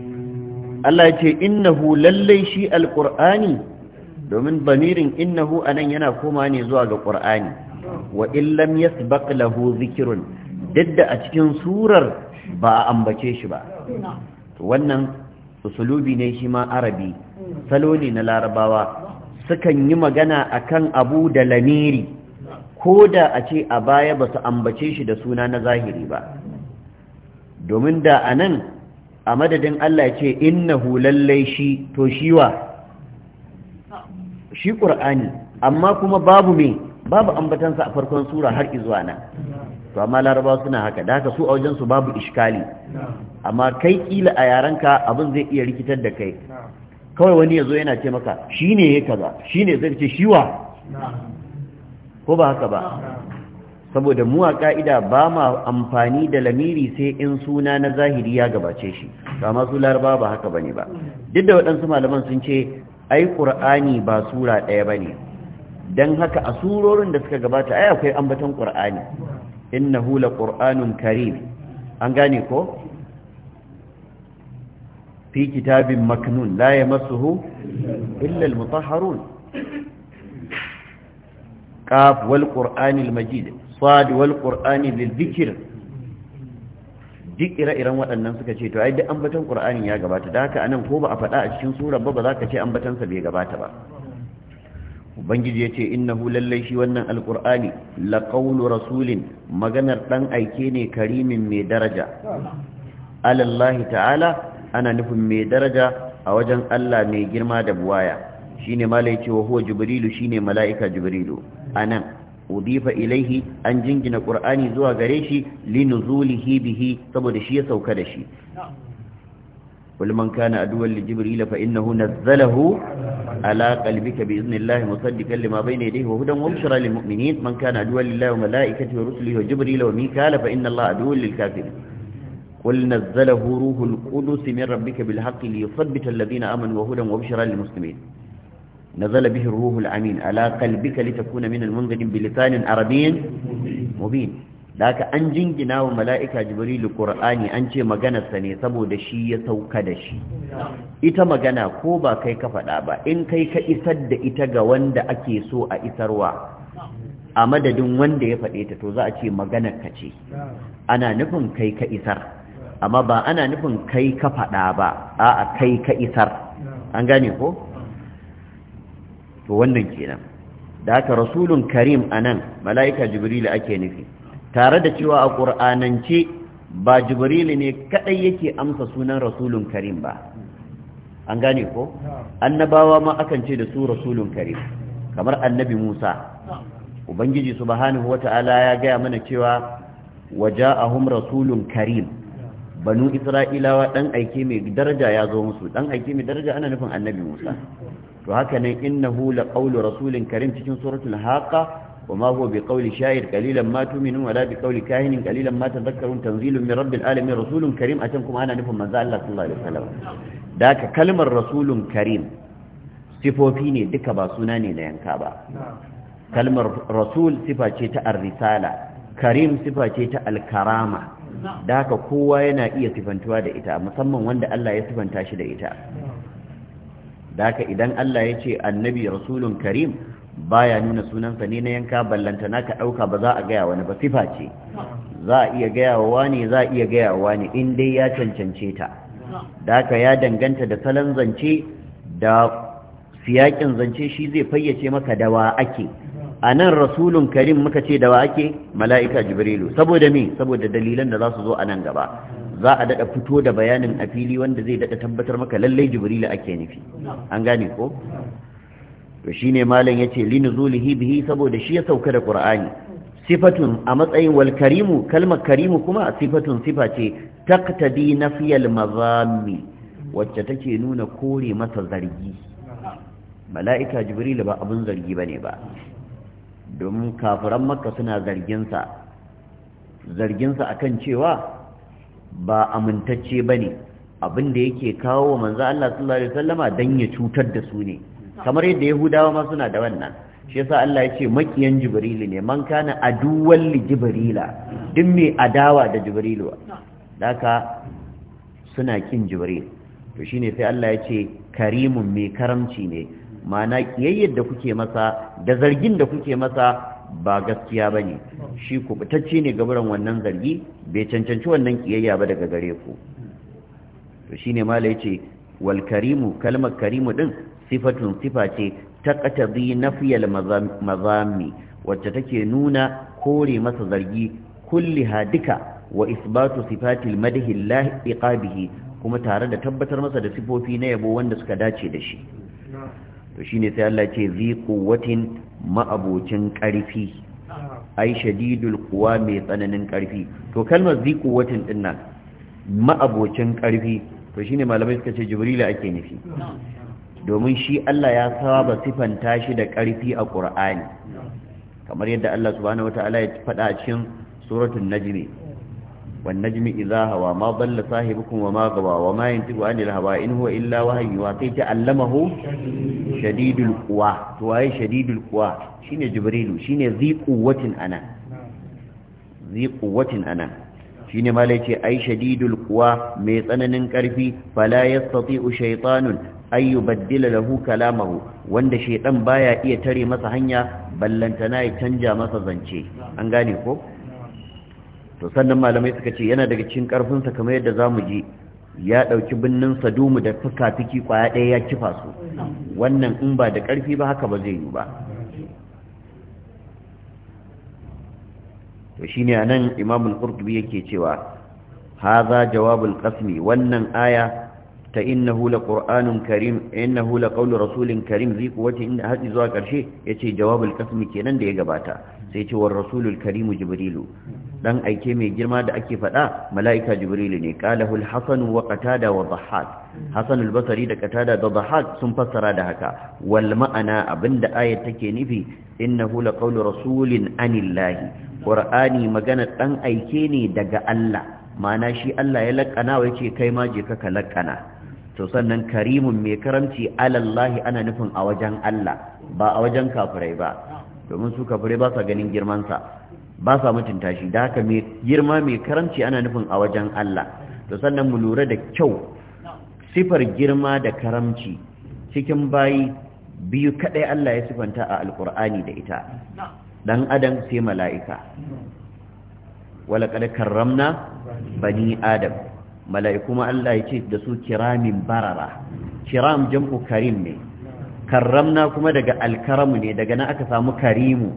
Speaker 2: الله
Speaker 1: يقول إنه لليشي القرآني domin bamirin innahu anan yana koma ne zuwa ga ƙur'ani wa illam yasbaq lahu zikrun duk da a cikin surar ba a ambace shi ba wannan usulubi ne shi ma arabi salo ne na larabawa sukan yi magana a kan abu da lamiri ko da a ce a baya ba su ambace shi da suna na zahiri ba domin da a nan a madadin Allah ce inna hulallai shi to shiwa shi ƙur'ani amma kuma babu me babu ambatansa a farkon sura har izuwa na to amma larabawa suna haka da haka su a wajen su babu iskali amma kai kila a yaranka abin zai iya rikitar da kai kawai wani ya zo yana ce maka shine ya kaza shine zai ce shiwa ko ba haka ba saboda mu a ka'ida ba ma amfani da lamiri sai in suna na zahiri ya gabace shi To amma su larabawa ba haka bane ba duk da waɗansu malaman sun ce ai qur'ani ba sura ɗaya bane dan haka asurorin da suka gabata ai akwai ambaton qur'ani innahu laqur'anun karim an gane ko fi kitabin maknun la yamassuhu illa almutahharun qaf wal qur'anil majid sad wal qur'ani lil dhikr duk ire-iren waɗannan suka ce to ai duk ambaton qur'anin ya gabata da haka anan ko ba a faɗa a cikin sura ba ba za ka ce ambatansa bai gabata ba ubangiji ya ce innahu lallai shi wannan alkur'ani laƙaunu rasulin maganar ɗan aike ne karimin mai daraja alallahi ta'ala ana nufin mai daraja a wajen allah mai girma da buwaya shine malai cewa huwa jibrilu shine mala'ika jibrilu anan udifa ilaihi an jingina qur'ani zuwa gare shi linuzulihi bihi saboda shi ya sauka da shi قل من كان عدوا لجبريل فإنه نزله على قلبك بإذن الله مصدقا لما بين يديه وهدى وبشرى للمؤمنين من كان عدوا لله وملائكته ورسله وجبريل وميكال فإن الله عدو للكافرين قل نزله روح القدس من ربك بالحق ليثبت الذين آمنوا وهدى وبشرى للمسلمين نزل به الروح الأمين على قلبك لتكون من المنذرين بلسان عربي مبين da an jingina wa mala'ika jibrilu ƙur'ani an ce maganarsa ne saboda shi ya sauka da shi ita magana ko ba kai ka faɗa ba in kai ka isar da ita ga wanda ake so a isarwa a madadin wanda ya faɗe ta to za a ce maganar ka ce ana nufin kai ka isar amma ba ana nufin kai ka faɗa ba a'a kai ka isar an gane ko to wannan kenan da ka rasulun karim a nan mala'ika jibrilu ake nufi tare da cewa a ƙur'anance ba jibrilu ne kaɗai yake amsa sunan rasulun karim ba an gane ko annabawa ma akan ce da su rasulun karim kamar annabi musa ubangiji subhanahu ta'ala ya gaya mana cewa waja'ahum rasulun karim banu isra'ilawa dan aike mai daraja ya zo musu dan aike mai daraja ana nufin annabi musa to haka nan innahu laqawlu rasulin karim cikin suratul haqa وما هو بقول شاعر قليلا ما تؤمنون ولا بقول كاهن قليلا ما تذكرون تنزيل من رب العالمين رسول كريم أتنكم أنا نفهم من ذا الله صلى الله عليه وسلم ذاك كلمة رسول كريم صفوفيني دك باسوناني لينكابا كلمة رسول صفة الرسالة كريم صفة الكرامة ذاك قوة ينائية صفانتوا دا إتا مصمم وند الله يصفانتاش دا إتا ذاك إذن الله يتي النبي رسول كريم baya nuna sunansa ne na yanka ballantana ka ɗauka ba za a gaya wani ba sifa ce za a iya gaya wa wani za a iya in dai ya cancance ta da ka ya danganta da salon zance da siyakin zance shi zai fayyace maka dawa ake a nan rasulun karim muka ce dawa ake mala'ika jibrilu saboda me saboda dalilan da za su zo a nan gaba za a daɗa fito da bayanin a fili wanda zai daɗa tabbatar maka lallai jibrilu ake nufi an gane ko to shi ya ce linu zuli bihi saboda shi ya sauka da ƙura'ani sifatun a matsayin walKarimu. kalmar karimu kuma sifatun sifa ce na fiyal mazami wacce take nuna kore masa zargi mala'ika jibril ba abin zargi ba ne ba domin kafiran makka suna zarginsa zarginsa a kan cewa ba amintacce ba ne. abin da yake kawo wa manzo Allah sallallahu alaihi wasallama don ya cutar da su ne kamar yadda yahudawa ma suna da wannan shi yasa Allah ya ce makiyan jibrilu ne man kana aduwan li jibrila duk mai adawa da jibrilu daka suna kin jibril to shine sai Allah ya ce karimun mai karamci ne ma'ana kiyayyar da kuke masa da zargin da kuke masa ba gaskiya bane shi kubutacce ne gaburan wannan zargi bai cancanci wannan kiyayya ba daga gare ku to shine mala yace wal karimu kalmar karimu din sifatun sifa ce ta qatabi nafiyal mazami wacce take nuna kore masa zargi kulliha duka wa isbatu sifatil madhi lahiqa bihi kuma tare da tabbatar masa da sifofi na yabo wanda suka dace da shi to shine sai Allah ce zi quwwatin ma'abocin ƙarfi ai shadidul quwa mai tsananin ƙarfi to kalmar zi quwwatin dinnan ma'abocin ƙarfi to shine malamai suka ce jibrila ake nufi domin shi Allah ya saba sifanta shi da ƙarfi a ƙur'ani kamar yadda Allah subhanahu wata'ala ya faɗa cikin suratul najmi wan najmi idza hawa ma dalla sahibukum wa ma gawa wa ma yantiqu anil hawa in huwa illa wahyu wa kai ta'allamahu shadidul quwa to waye shadidul quwa shine jibrilu shine zi quwwatin ana zi quwwatin ana shine malai ce ai shadidul quwa mai tsananin karfi fala yastati'u shaytanun ay Baddila lahu kalamahu wanda shaidan baya iya tare masa hanya ballantana ya canja masa zance an gane ko to sannan malamai suka ce yana daga cikin karfin sa kamar yadda zamu ji ya dauki binnin sadumu da fuka-fiki kwaya ɗaya ya kifa su wannan in ba da karfi ba haka ba zai yi ba to shine anan imamul qurtubi yake cewa hadha jawabul qasmi wannan aya ta innahu laqur'anun karim innahu laqawlu rasulin karim zai kuwace inda haɗi zuwa ƙarshe yace jawabul qasmi kenan da ya gabata sai ce war rasulul karim jibrilu dan aike mai girma da ake faɗa mala'ika jibrilu ne qalahu al-hasan wa qatada wa dhahhak hasan al-basri da qatada da dhahhak sun fassara da haka wal ma'ana abinda ayat take nufi innahu laqawlu rasulin anillahi qur'ani magana dan aike ne daga Allah ma'ana shi Allah ya laƙana wa yace kai ma je ka laƙana to sannan karimun mai karamci alallahi ana nufin a wajen Allah ba a wajen kafirai ba domin su kafirai ba sa ganin girmansa ba sa mutunta shi da haka mai girma mai karamci ana nufin a wajen Allah to sannan mu lura da kyau sifar girma da karamci cikin bayi biyu kadai Allah ya sifanta a alkur'ani da ita dan adam sai mala'ika wala kad karramna bani adam mala'iku ma Allah ya ce da su kiramin barara kiram jam'u karim ne karramna kuma daga alkaramu ne daga na aka samu karimu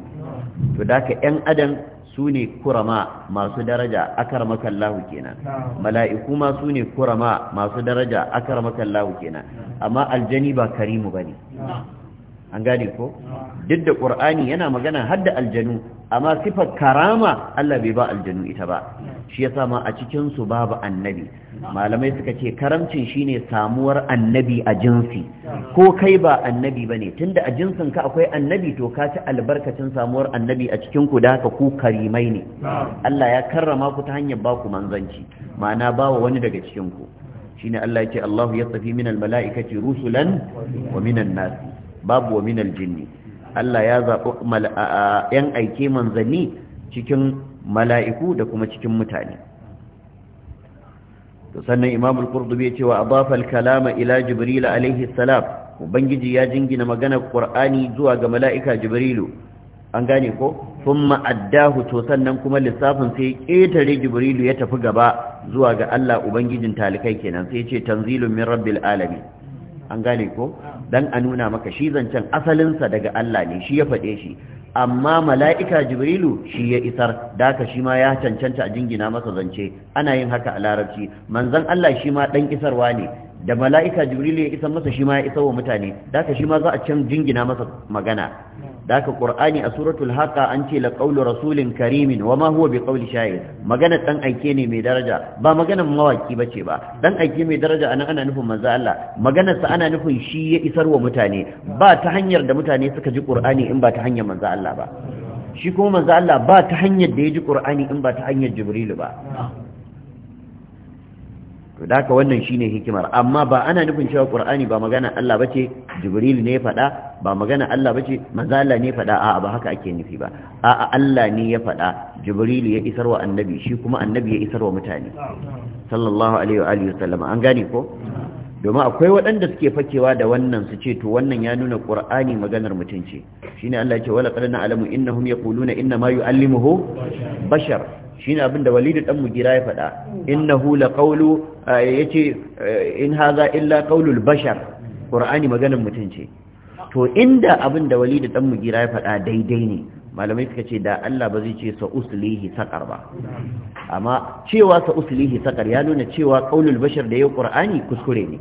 Speaker 1: to da ka ‘yan adam su ne kurama masu daraja akar lahu kenan mala'iku ma su ne kurama masu daraja akar lahu kenan amma aljani ba karimu ba ne an gane ko duk da ƙur'ani yana magana har da aljanu amma sifar karama Allah bai ba aljanu ita ba shi yasa ma a cikinsu babu annabi malamai suka ce karamcin shine samuwar annabi a jinsi ko kai ba annabi ba bane tunda a jinsin ka akwai annabi to ka ci albarkacin samuwar annabi a cikin ku da haka ku karimai ne Allah ya karrama ku ta hanyar ba ku manzanci ma'ana ba wa wani daga cikin ku shine Allah ya ce Allahu yastafi min almalaikati rusulan wa minan nas babu wa minal jinni Allah ya zaɓi yan aike manzanni cikin mala'iku da kuma cikin mutane sannan imam al-qurdubi ya ce wa adafa al-kalama ila jibril alaihi salam ubangiji ya jingina maganar qur'ani zuwa ga mala'ika jibrilu an gane ko thumma addahu to sannan kuma lissafin sai ƙetare jibrilu ya tafi gaba zuwa ga Allah ubangijin talikai kenan sai yace ce tanzilun min rabbil alamin an gane ko dan a nuna maka shi zancen asalinsa daga Allah ne shi ya faɗe shi amma mala'ika jibrilu shi ya isar da ka shi ma ya cancanta a jingina masa zance ana yin haka a larabci manzon Allah shi ma dan isarwa ne da mala'ika jibrilu ya isar masa shi ma ya isar wa mutane da ka shi ma za a can jingina masa magana da qur'ani a suratul haqa an ce la qawlu rasulin karimin wa ma huwa ƙauli shayir magana dan aike ne mai daraja ba magana mawaki bace ba dan aike mai daraja anan ana nufin manzo Allah magana sa ana nufin shi ya isar wa mutane ba ta hanyar da mutane suka ji qur'ani in ba ta hanyar manzo Allah ba shi kuma manzo Allah ba ta hanyar da ya ji qur'ani in ba ta hanyar jibril ba to da wannan shine hikimar amma ba ana nufin cewa qur'ani ba magana Allah bace jibril ne ya faɗa ba magana Allah bace manzo Allah ne faɗa a'a ba haka ake nufi ba a'a Allah ne ya faɗa Jibrilu ya isar wa annabi shi kuma annabi ya isar wa mutane sallallahu alaihi wa alihi wasallam an gane ko domin akwai waɗanda suke fakewa da wannan su ce to wannan ya nuna ƙur'ani maganar mutum ce shine Allah ya ce wala qad na'lamu innahum yaquluna inna ma yu'allimuhu bashar shine abin da Walid dan Mugira ya faɗa innahu laqawlu yace in hadha illa qawlul bashar Qur'ani maganar mutum ce to inda abin da wali da dan mugira ya faɗa daidai ne malamai suka ce da Allah ba zai ce sa uslihi saqar ba amma cewa sa uslihi saqar ya nuna cewa qaulul bashar da ya qur'ani kuskure ne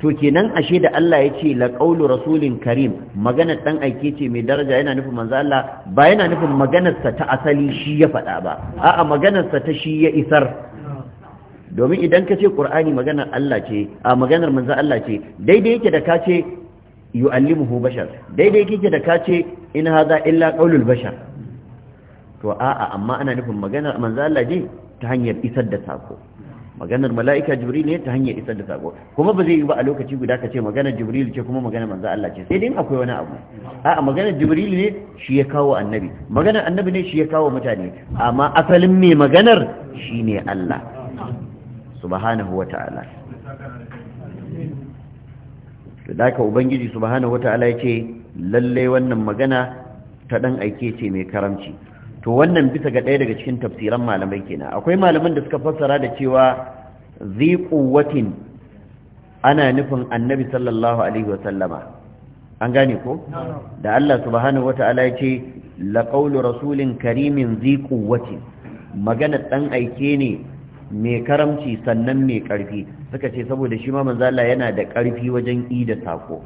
Speaker 1: to kenan ashe da Allah ya ce la qaulu rasulin karim maganar ɗan aike ce mai daraja yana nufin manzo Allah ba yana nufin maganar ta asali shi ya faɗa ba a'a maganar sa ta shi ya isar domin idan ka ce qur'ani maganar Allah ce a maganar manzo Allah ce daidai yake da ka ce yu'allimuhu bashar daidai kike da kace in hadha illa qaulul bashar to a'a amma ana nufin maganar manzo Allah ne ta hanyar isar da sako maganar mala'ika jibril ne ta hanyar isar da sako kuma ba zai yi ba a lokaci guda ka ce maganar jibril ce kuma maganar manzo Allah ce sai dai akwai wani abu a'a maganar jibril ne shi ya kawo annabi maganar annabi ne shi ya kawo mutane amma asalin mai maganar shine Allah subhanahu wata'ala to da ka ubangiji subhanahu wataala yake lalle wannan magana ta dan aike ce mai karamci to wannan bisa ga ɗaya daga cikin tafsiran malamai kenan akwai malaman da suka fassara da cewa zi quwwatin ana nufin annabi sallallahu alaihi wasallama an gane ko da Allah subhanahu wataala yake la qaulu rasulin karimin zi quwwatin magana dan aike ne mai karamci sannan mai karfi suka ce saboda shi ma manzala yana da karfi wajen i da sako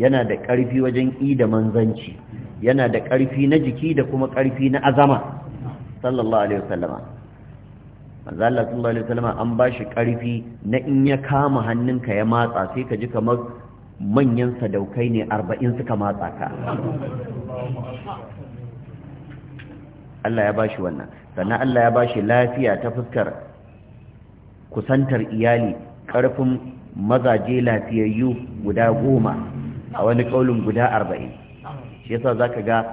Speaker 1: yana da karfi wajen i da manzanci yana da karfi na jiki da kuma karfi na azama sallallahu alaihi wasallama manzala sallallahu alaihi wasallama an ba shi karfi na in ya kama hannunka ya matsa sai ka ji kamar manyan sadaukai ne arba'in suka matsa ka Allah ya bashi wannan sannan Allah ya bashi lafiya ta fuskar kusantar iyali ƙarfin mazaje lafiyayyu guda goma a wani ƙaulin guda arba'in shi yasa za ka ga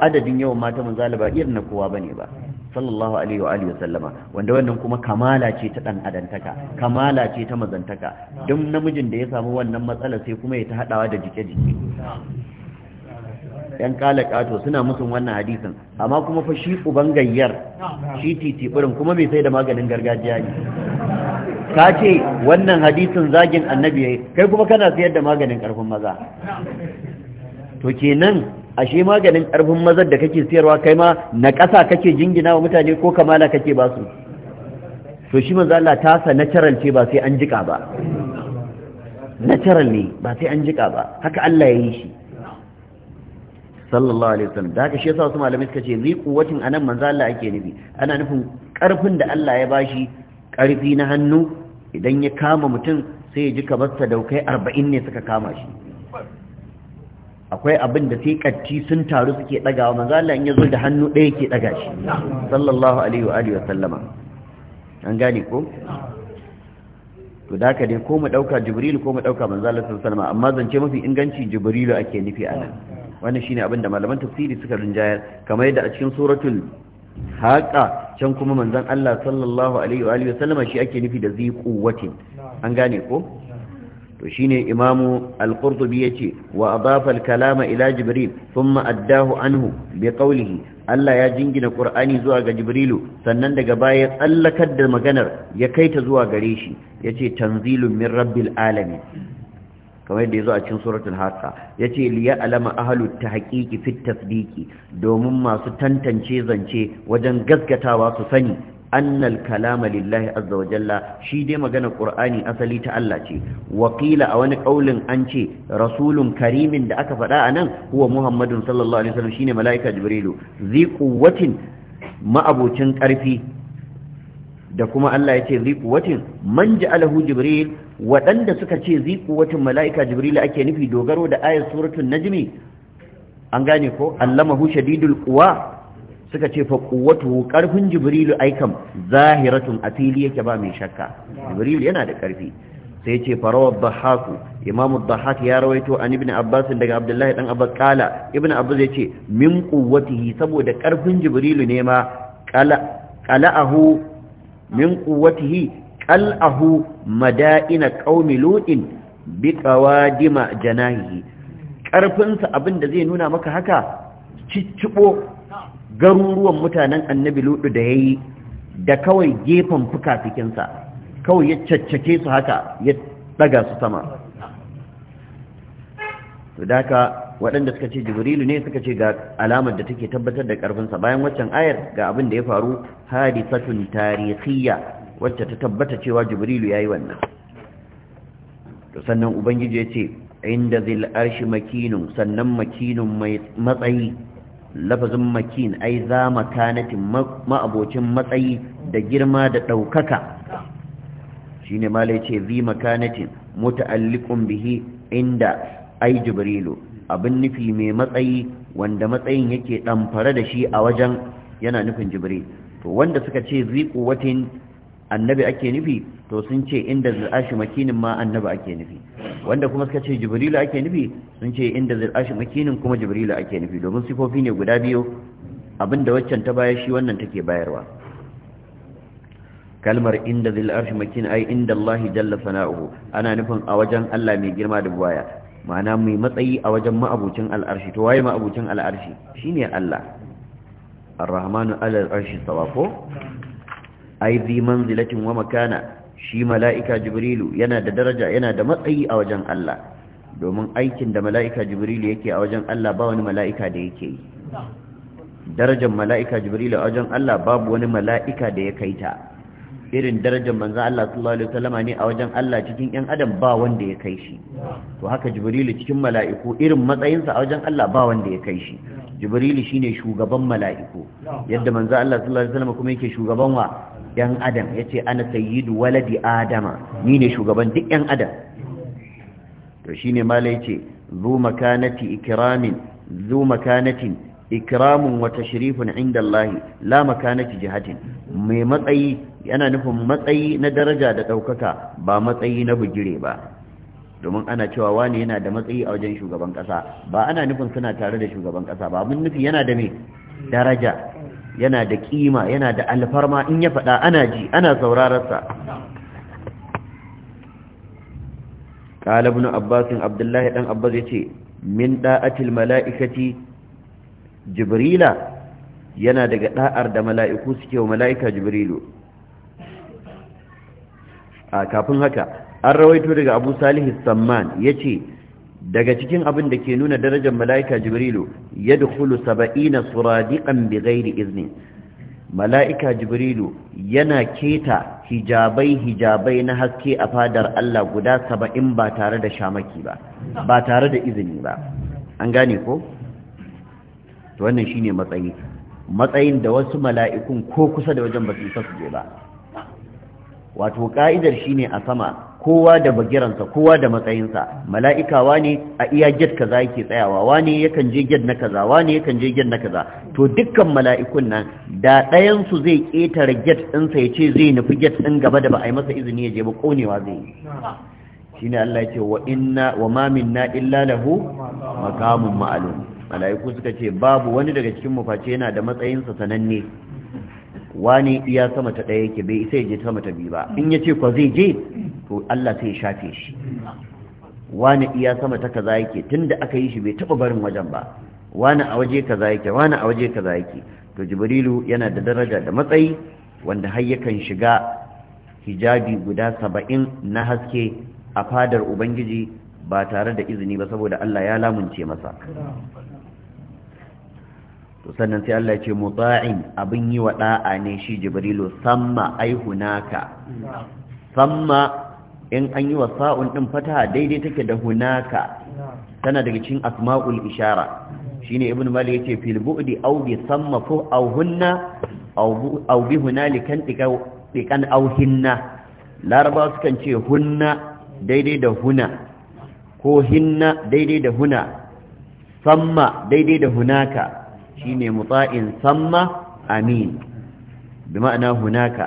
Speaker 1: adadin yawan mata mun zaliba irin na kowa bane ba sallallahu alaihi wa alihi sallama wanda wannan kuma kamala ce ta dan adantaka kamala ce ta mazantaka duk namijin da ya samu wannan matsala sai kuma ya ta hadawa da jike jike yan kalakato suna mutum wannan hadisin amma kuma fa shi uban gayyar shi burin kuma bai sai da maganin gargajiya
Speaker 3: ne ka ce wannan
Speaker 1: hadisin zagin annabi yayi kai kuma kana sayar da maganin karfin maza to kenan ashe maganin karfin mazar da kake sayarwa kai ma na ƙasa kake jingina wa mutane ko kamala kake ba su to shi manzo Allah ta sa natural ce ba sai an jika ba natural ne ba sai an jika ba haka Allah ya yi shi sallallahu alaihi wasallam da haka shi yasa wasu malamai suka ce ni kuwatin anan manzo Allah ake nufi ana nufin karfin da Allah ya bashi karfi na hannu idan ya kama mutum sai ya ji kabarsa daukai 40 ne suka kama shi akwai abin da sai katti sun taru suke dagawa manzo Allah in yazo da hannu ɗaya yake daga shi sallallahu alaihi wa alihi wasallama an gane ko to da haka dai ko mu dauka jibril ko mu dauka manzo Allah sallallahu alaihi wasallama amma zance mafi inganci jibrilu ake nufi anan wannan shine abin da malaman tafsiri suka rinjayar kamar yadda a cikin suratul haqa can kuma manzon Allah sallallahu alaihi wa alihi wasallama shi ake nufi da zi quwwatin an gane ko to shine imamu al-qurtubi yace wa adafa al-kalama ila jibril thumma addahu anhu bi qawlihi Allah ya jingina Qur'ani zuwa ga Jibrilu sannan daga baya ya tsallakar da maganar ya kaita zuwa gare shi yace tanzilun min rabbil alamin kamar yadda zo a cikin suratul haqqa yace li ya'lama ahlu tahqiqi fi tasdiqi domin masu tantance zance wajen gaskatawa su sani annal kalama lillahi azza wa jalla shi dai magana qur'ani asali ta Allah ce Wakila a wani kaulin an ce rasulun karimin da aka faɗa anan huwa muhammadun sallallahu alaihi wasallam shine malaika jibrilu zi quwwatin ma'abocin ƙarfi da kuma Allah ya ce watin man ja'alahu jibril waɗanda suka ce watin mala'ika jibril ake nufi dogaro da ayat suratul najmi an gane ko allamahu shadidul quwa suka ce fa quwwatuhu karfin jibril aikam zahiratun afili yake ba mai shakka jibril yana da karfi sai ce farawa dhahaku imamu dhahak ya rawaito an ibn abbas daga abdullahi dan abbas kala ibn abbas ya ce min quwwatihi saboda karfin jibril ne ma kala qala'ahu min quwwatihi qal'ahu mada'ina qaumi luɗin bi qawadima janahihi Ƙarfinsa abin da zai nuna maka haka ciccibo garuruwan mutanen annabi luɗu da yayi da kawai gefen fukafikinsa kawai ya caccake su haka ya daga su sama to waɗanda suka ce jibrilu ne suka ce ga alamar da take tabbatar da ƙarfinsa bayan waccan ayar ga abin da ya faru hadisatun tarihiyya wacce ta tabbata cewa jibrilu ya yi wannan to sannan ubangiji ya ce inda zil arshi makinun sannan makinun mai matsayi lafazin makin ai za makanatin ma'abocin matsayi da girma da ɗaukaka shine malai ce zi makanatin muta'alliqun bihi inda ai jibrilu abin nufi mai matsayi wanda matsayin yake ɗamfare da shi a wajen yana nufin jibril to wanda suka ce ziku watin annabi ake nufi to sun ce inda zir'ashi makinin ma annabi ake nufi wanda kuma suka ce jibrilu ake nufi sun ce inda zir'ashi makinin kuma jibrilu ake nufi domin sifofi ne guda biyu abinda waccan ta baya shi wannan take bayarwa kalmar inda zil arshi makin ai inda Allah jalla sana'uhu ana nufin a wajen Allah mai girma da buwaya ma'ana mai matsayi a wajen ma'abucin al'arshi to waye ma'abucin al'arshi shine Allah ar-rahmanu alal arshi sawafo ai bi manzilatin wa makana shi mala'ika jibrilu yana da daraja yana da matsayi a wajen Allah domin aikin da mala'ika jibrilu yake a wajen Allah ba wani mala'ika da yake yi darajar mala'ika jibrilu a wajen Allah babu wani mala'ika da ya kaita irin darajar manzan Allah sallallahu alaihi wasallama ne a wajen Allah cikin ƴan adam ba wanda ya kai shi to haka jibrilu cikin mala'iku irin matsayinsa a wajen Allah ba wanda ya kai shi jibrilu shine shugaban mala'iku yadda manzan Allah sallallahu alaihi wasallama kuma yake shugaban wa ƴan adam ya ce, ana sayyidu waladi adama ni ne shugaban duk ƴan adam to shine malai yace zu makanati ikramin zu makanatin ikramun Wata tashrifun inda Allah la makanati jihatin mai matsayi yana nufin matsayi na daraja da ɗaukaka ba matsayi na bugire ba domin ana cewa wani yana da matsayi a wajen shugaban ƙasa ba ana nufin suna tare da shugaban ƙasa ba mun nufi yana da mai daraja yana da ƙima, yana da alfarma in ya faɗa ana ji ana saurararsa قال ابن عباس عبد الله بن عباس يتي من داعه الملائكه jibrila yana daga da'ar da mala'iku suke wa mala'ika jibrilu a kafin haka an rawaito daga abu salihu samman ya ce daga cikin abin da ke nuna darajar mala'ika jibrilu ya dukulu saba'ina suradiƙan bi Izni. mala'ika jibrilu yana keta hijabai hijabai na haske a fadar Allah guda saba'in ba tare da shamaki ba ba tare da izini ba an gane ko? to wannan shine matsayi matsayin da wasu mala'ikun ko kusa da wajen ba isa su je ba wato ka'idar shine a sama kowa da bagiransa kowa da matsayinsa mala'ika wane a iya jet kaza yake tsayawa wane yakan je jet na kaza wane yakan je jet na kaza to dukkan mala'ikun nan da ɗayan su zai ƙetare jet ɗinsa ya ce zai nufi jet ɗin gaba da ba a yi masa izini ya je ba ƙonewa zai yi shine Allah ya ce wa inna wa ma minna illa lahu maqamun ma'lum mala'iku suka ce babu wani daga cikin mu yana da matsayinsa sananne wani iya sama ta ɗaya yake bai isa ya je sama ta biyu ba in ya ce kwa zai je to Allah sai ya shafe shi wani iya sama ta kaza yake tunda aka yi shi bai taɓa barin wajen ba wani a waje kaza yake wani a waje kaza yake to jibrilu yana da daraja da matsayi wanda har yakan shiga hijabi guda saba'in na haske a fadar ubangiji ba tare da izini ba saboda Allah ya lamunce masa to sannan sai Allah ce muta'in abin yi wa da'a ne shi jibrilu samma ai hunaka samma in an yi wa sa'un din fataha daidai take da hunaka tana daga cikin asma'ul ishara shine ibn malik yace fil bu'di aw bi samma fu aw hunna aw bi hunalika dikan aw hinna laraba sukan ce hunna daidai da huna ko hinna daidai da huna samma daidai da hunaka shine muta'in samma amin bi ma'ana hunaka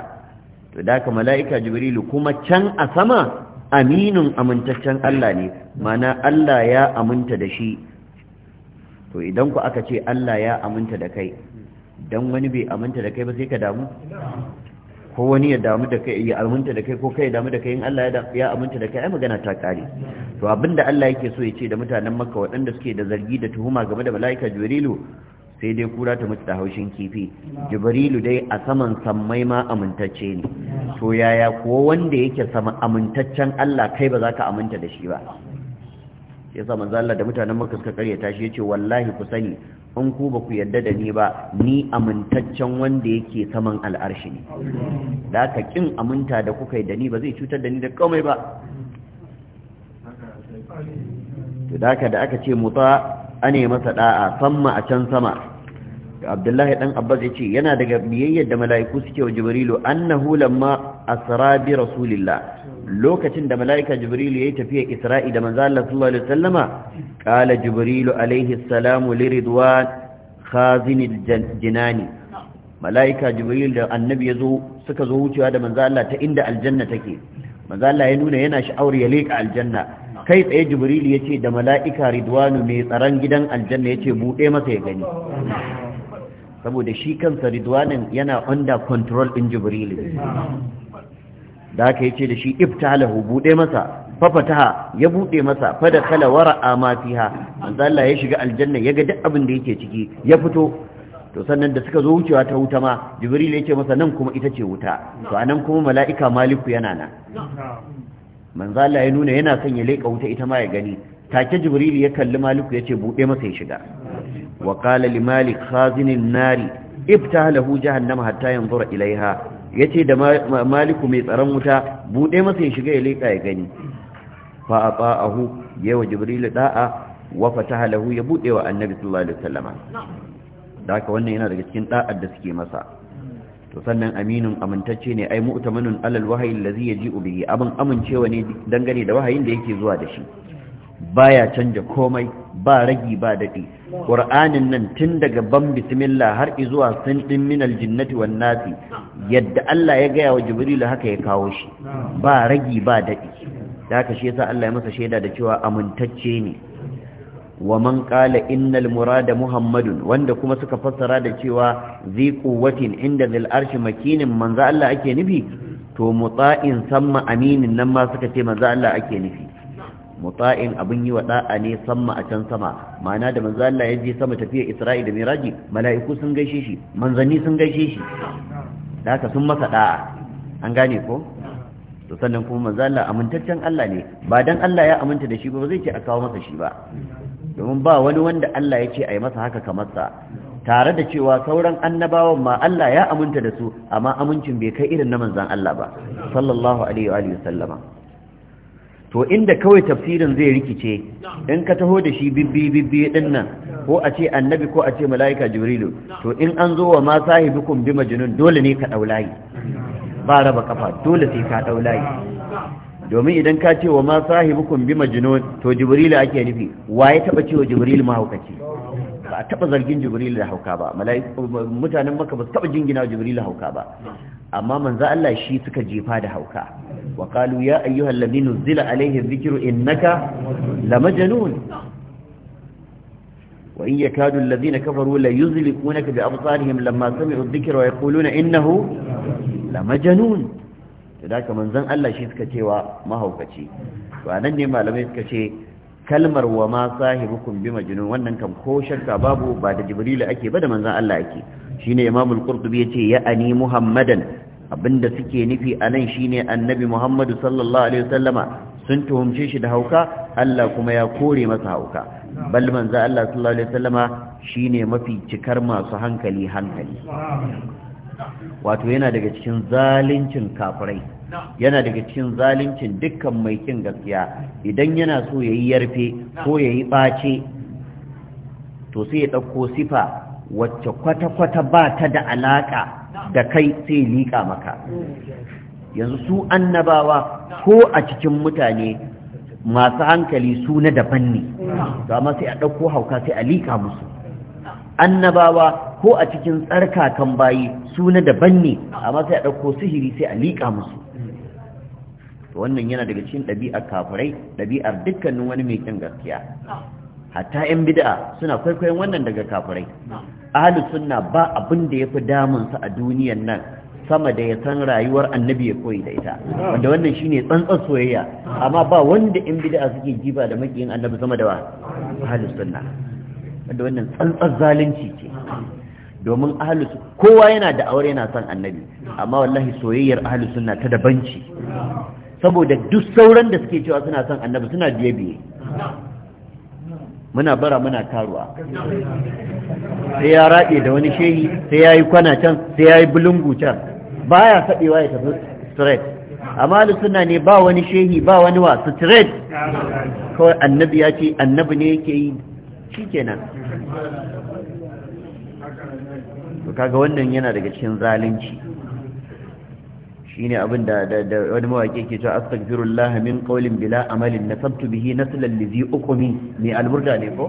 Speaker 1: to da ka mala'ika jibrilu kuma can a sama aminun amintaccen Allah ne mana Allah ya aminta da shi to idan ku aka ce Allah ya aminta da kai dan wani bai aminta da kai ba sai ka damu ko wani ya damu da kai ya aminta da kai ko kai ya damu da kai in Allah ya aminta da kai ai magana ta kare to abinda Allah yake so ya ce da mutanen Makka waɗanda suke da zargi da tuhuma game da mala'ika Jibrilu sai dai kura ta mutu da haushin kifi jibrilu dai a saman sammai ma amintacce ne to yaya ko wanda yake sama amintaccen Allah kai ba za ka aminta da shi ba ya manzo da mutanen maka suka karyata ya ce wallahi ku sani in ku ba ku yadda da ni ba ni amintaccen wanda yake saman al'arshi ne da ka kin aminta da kuka yi da ni ba zai cutar da ni da komai ba to da ka da aka ce muta ane masa da'a samma a can sama abdullahi dan abbas ya ce yana daga biyayyar da mala'iku suke wa jibrilu annahu lamma asra bi rasulillah lokacin da mala'ika jibrilu yayi tafiya isra'i da manzo Allah sallallahu alaihi wasallama qala jibrilu alaihi salamu li ridwan jinani mala'ika jibrilu da annabi yazo suka zo wucewa da manzo Allah ta inda aljanna take manzo Allah ya nuna yana sha'awar ya leka aljanna kai tsaye jibrilu yace da mala'ika ridwanu mai tsaron gidan aljanna yace buɗe masa ya gani saboda shi kansa ridwanin yana under control in jibril da aka yi ce da shi ibtalahu buɗe masa fafataha ya buɗe masa fada kala wara a fiha manzo Allah ya shiga aljanna ya ga duk abin da yake ciki ya fito to sannan da suka zo wucewa ta wuta ma jibril ya ce masa nan kuma ita ce wuta to anan kuma mala'ika maliku yana nan manzo Allah ya nuna yana son ya leka wuta ita ma ya gani take jibril ya kalli maliku yace bude masa ya shiga wa qala li malik khazinin nari ibtaha lahu jahannama hatta yanzura ilaiha yace da maliku mai tsaron wuta bude masa ya shiga ya leka ya gani fa ata'ahu yawa jibril da'a wa fataha ya bude wa annabi sallallahu alaihi wasallama da ka wannan yana daga cikin da'ar da suke masa to sannan aminun amintacce ne ai mu'tamanun alal wahayi, allazi yaji'u bihi abin amincewa ne dangane da wahayin da yake zuwa da shi baya canja komai ba ragi ba daɗi ƙur'anin nan tun daga ban bismillah har izuwa sun ɗin minal jinnati wan nasi yadda Allah ya gaya wa jibrilu haka ya kawo shi ba ragi ba daɗi da haka shi yasa Allah ya masa shaida da cewa amintacce ne wa man qala innal murada muhammadun wanda kuma suka fassara da cewa zi quwwatin inda zil arshi makinin manzo Allah ake nufi to mutsa'in samma aminin nan ma suka ce manzo Allah ake nufi muta'in abin yi wa da'a ne samma a can sama ma'ana da manzo Allah ya je sama tafiya Isra'i da Miraji mala'iku sun gaishe shi manzanni sun gaishe shi da haka sun masa da'a an gane ko to sannan kuma manzo Allah amintaccen Allah ne ba dan Allah ya aminta da shi ba zai ce a kawo masa shi ba domin ba wani wanda Allah ya ce a yi masa haka kamar sa tare da cewa sauran annabawan ma Allah ya aminta da su amma amincin bai kai irin na manzon Allah ba sallallahu alaihi wa alihi wasallama to inda kawai tafsirin zai rikice in ka taho da shi bibbi bibbi din nan ko a ce annabi ko a ce mala'ika jibrilu to in an zo wa ma sahibikum bi majnun dole ne ka daulayi ba raba kafa dole sai ka daulayi domin idan ka ce wa ma sahibikum bi majnun to jibrilu ake nufi wa ya taba cewa jibrilu mahaukaci ba a taba zargin jibrilu da hauka ba mala'ika mutanen maka ba su taba jingina jibrilu hauka ba amma manzo Allah shi suka jefa da hauka wa qalu ya ayyuhal ladina nuzila alayhi dhikru innaka lamajnun wa in yakadu alladhina kafaru la yuzlikunaka bi absarihim lamma sami'u dhikra wa yaquluna innahu lamajnun to da ka manzon Allah shi suka cewa mahaukaci to nan ne malamai suka ce kalmar wa ma sahibukum bi majnun wannan kam ko shakka babu ba da jibril ake ba da manzon Allah ake shine imamul qurtubi yace ya ani muhammadan abinda suke nufi a nan shine annabi muhammadu sallallahu alaihi wasallama sun tuhumce shi da hauka Allah kuma ya kore masa hauka bal manzo Allah sallallahu alaihi wasallama shine mafi cikar masu hankali hankali wato yana daga cikin zalincin kafirai yana daga cikin zalincin dukkan mai kin gaskiya idan yana so yayi yarfe ko yayi ɓace, to sai ya ɗauko sifa wacce kwata-kwata ba ta da alaƙa da kai sai liƙa maka yanzu su annabawa ko a cikin mutane masu hankali su na daban ne amma sai a ɗauko hauka sai a liƙa musu annabawa ko a cikin tsarkakan bayi su na daban ne amma sai a ɗauko sihiri sai a liƙa musu wannan yana daga cikin ɗabi'ar kafurai, ɗabi'ar dukkanin wani mai kyan gaskiya hatta 'yan bid'a suna kwaikwayon wannan daga kafurai. ahli sunna ba abin da yafi damun sa a duniyan nan sama da ya san rayuwar annabi ya koyi da ita wanda wannan shine tsantsan soyayya amma ba wanda in bid'a suke jiba da makiyin annabi sama da ahli sunna wanda wannan tsantsan zalunci ce domin sunna kowa yana da aure yana son annabi amma wallahi soyayyar ahli sunna ta dabanci saboda duk sauran da suke cewa suna son annabi suna biye biye muna bara muna taruwa
Speaker 3: sai ya raɗe da wani shehi sai
Speaker 1: ya yi kwana can sai ya yi bulungu can ba ya saɓewa ya tafi straight amma da suna ne ba wani shehi ba wani wa straight
Speaker 3: kawai annabi ya ce annabi
Speaker 1: ne yake yi shi kenan kaga wannan yana daga cikin zalunci shine abin da wani mawaƙi ke cewa astaghfirullah min qawlin bila amalin nasabtu bihi naslan lizi uqumi mai alburda ne ko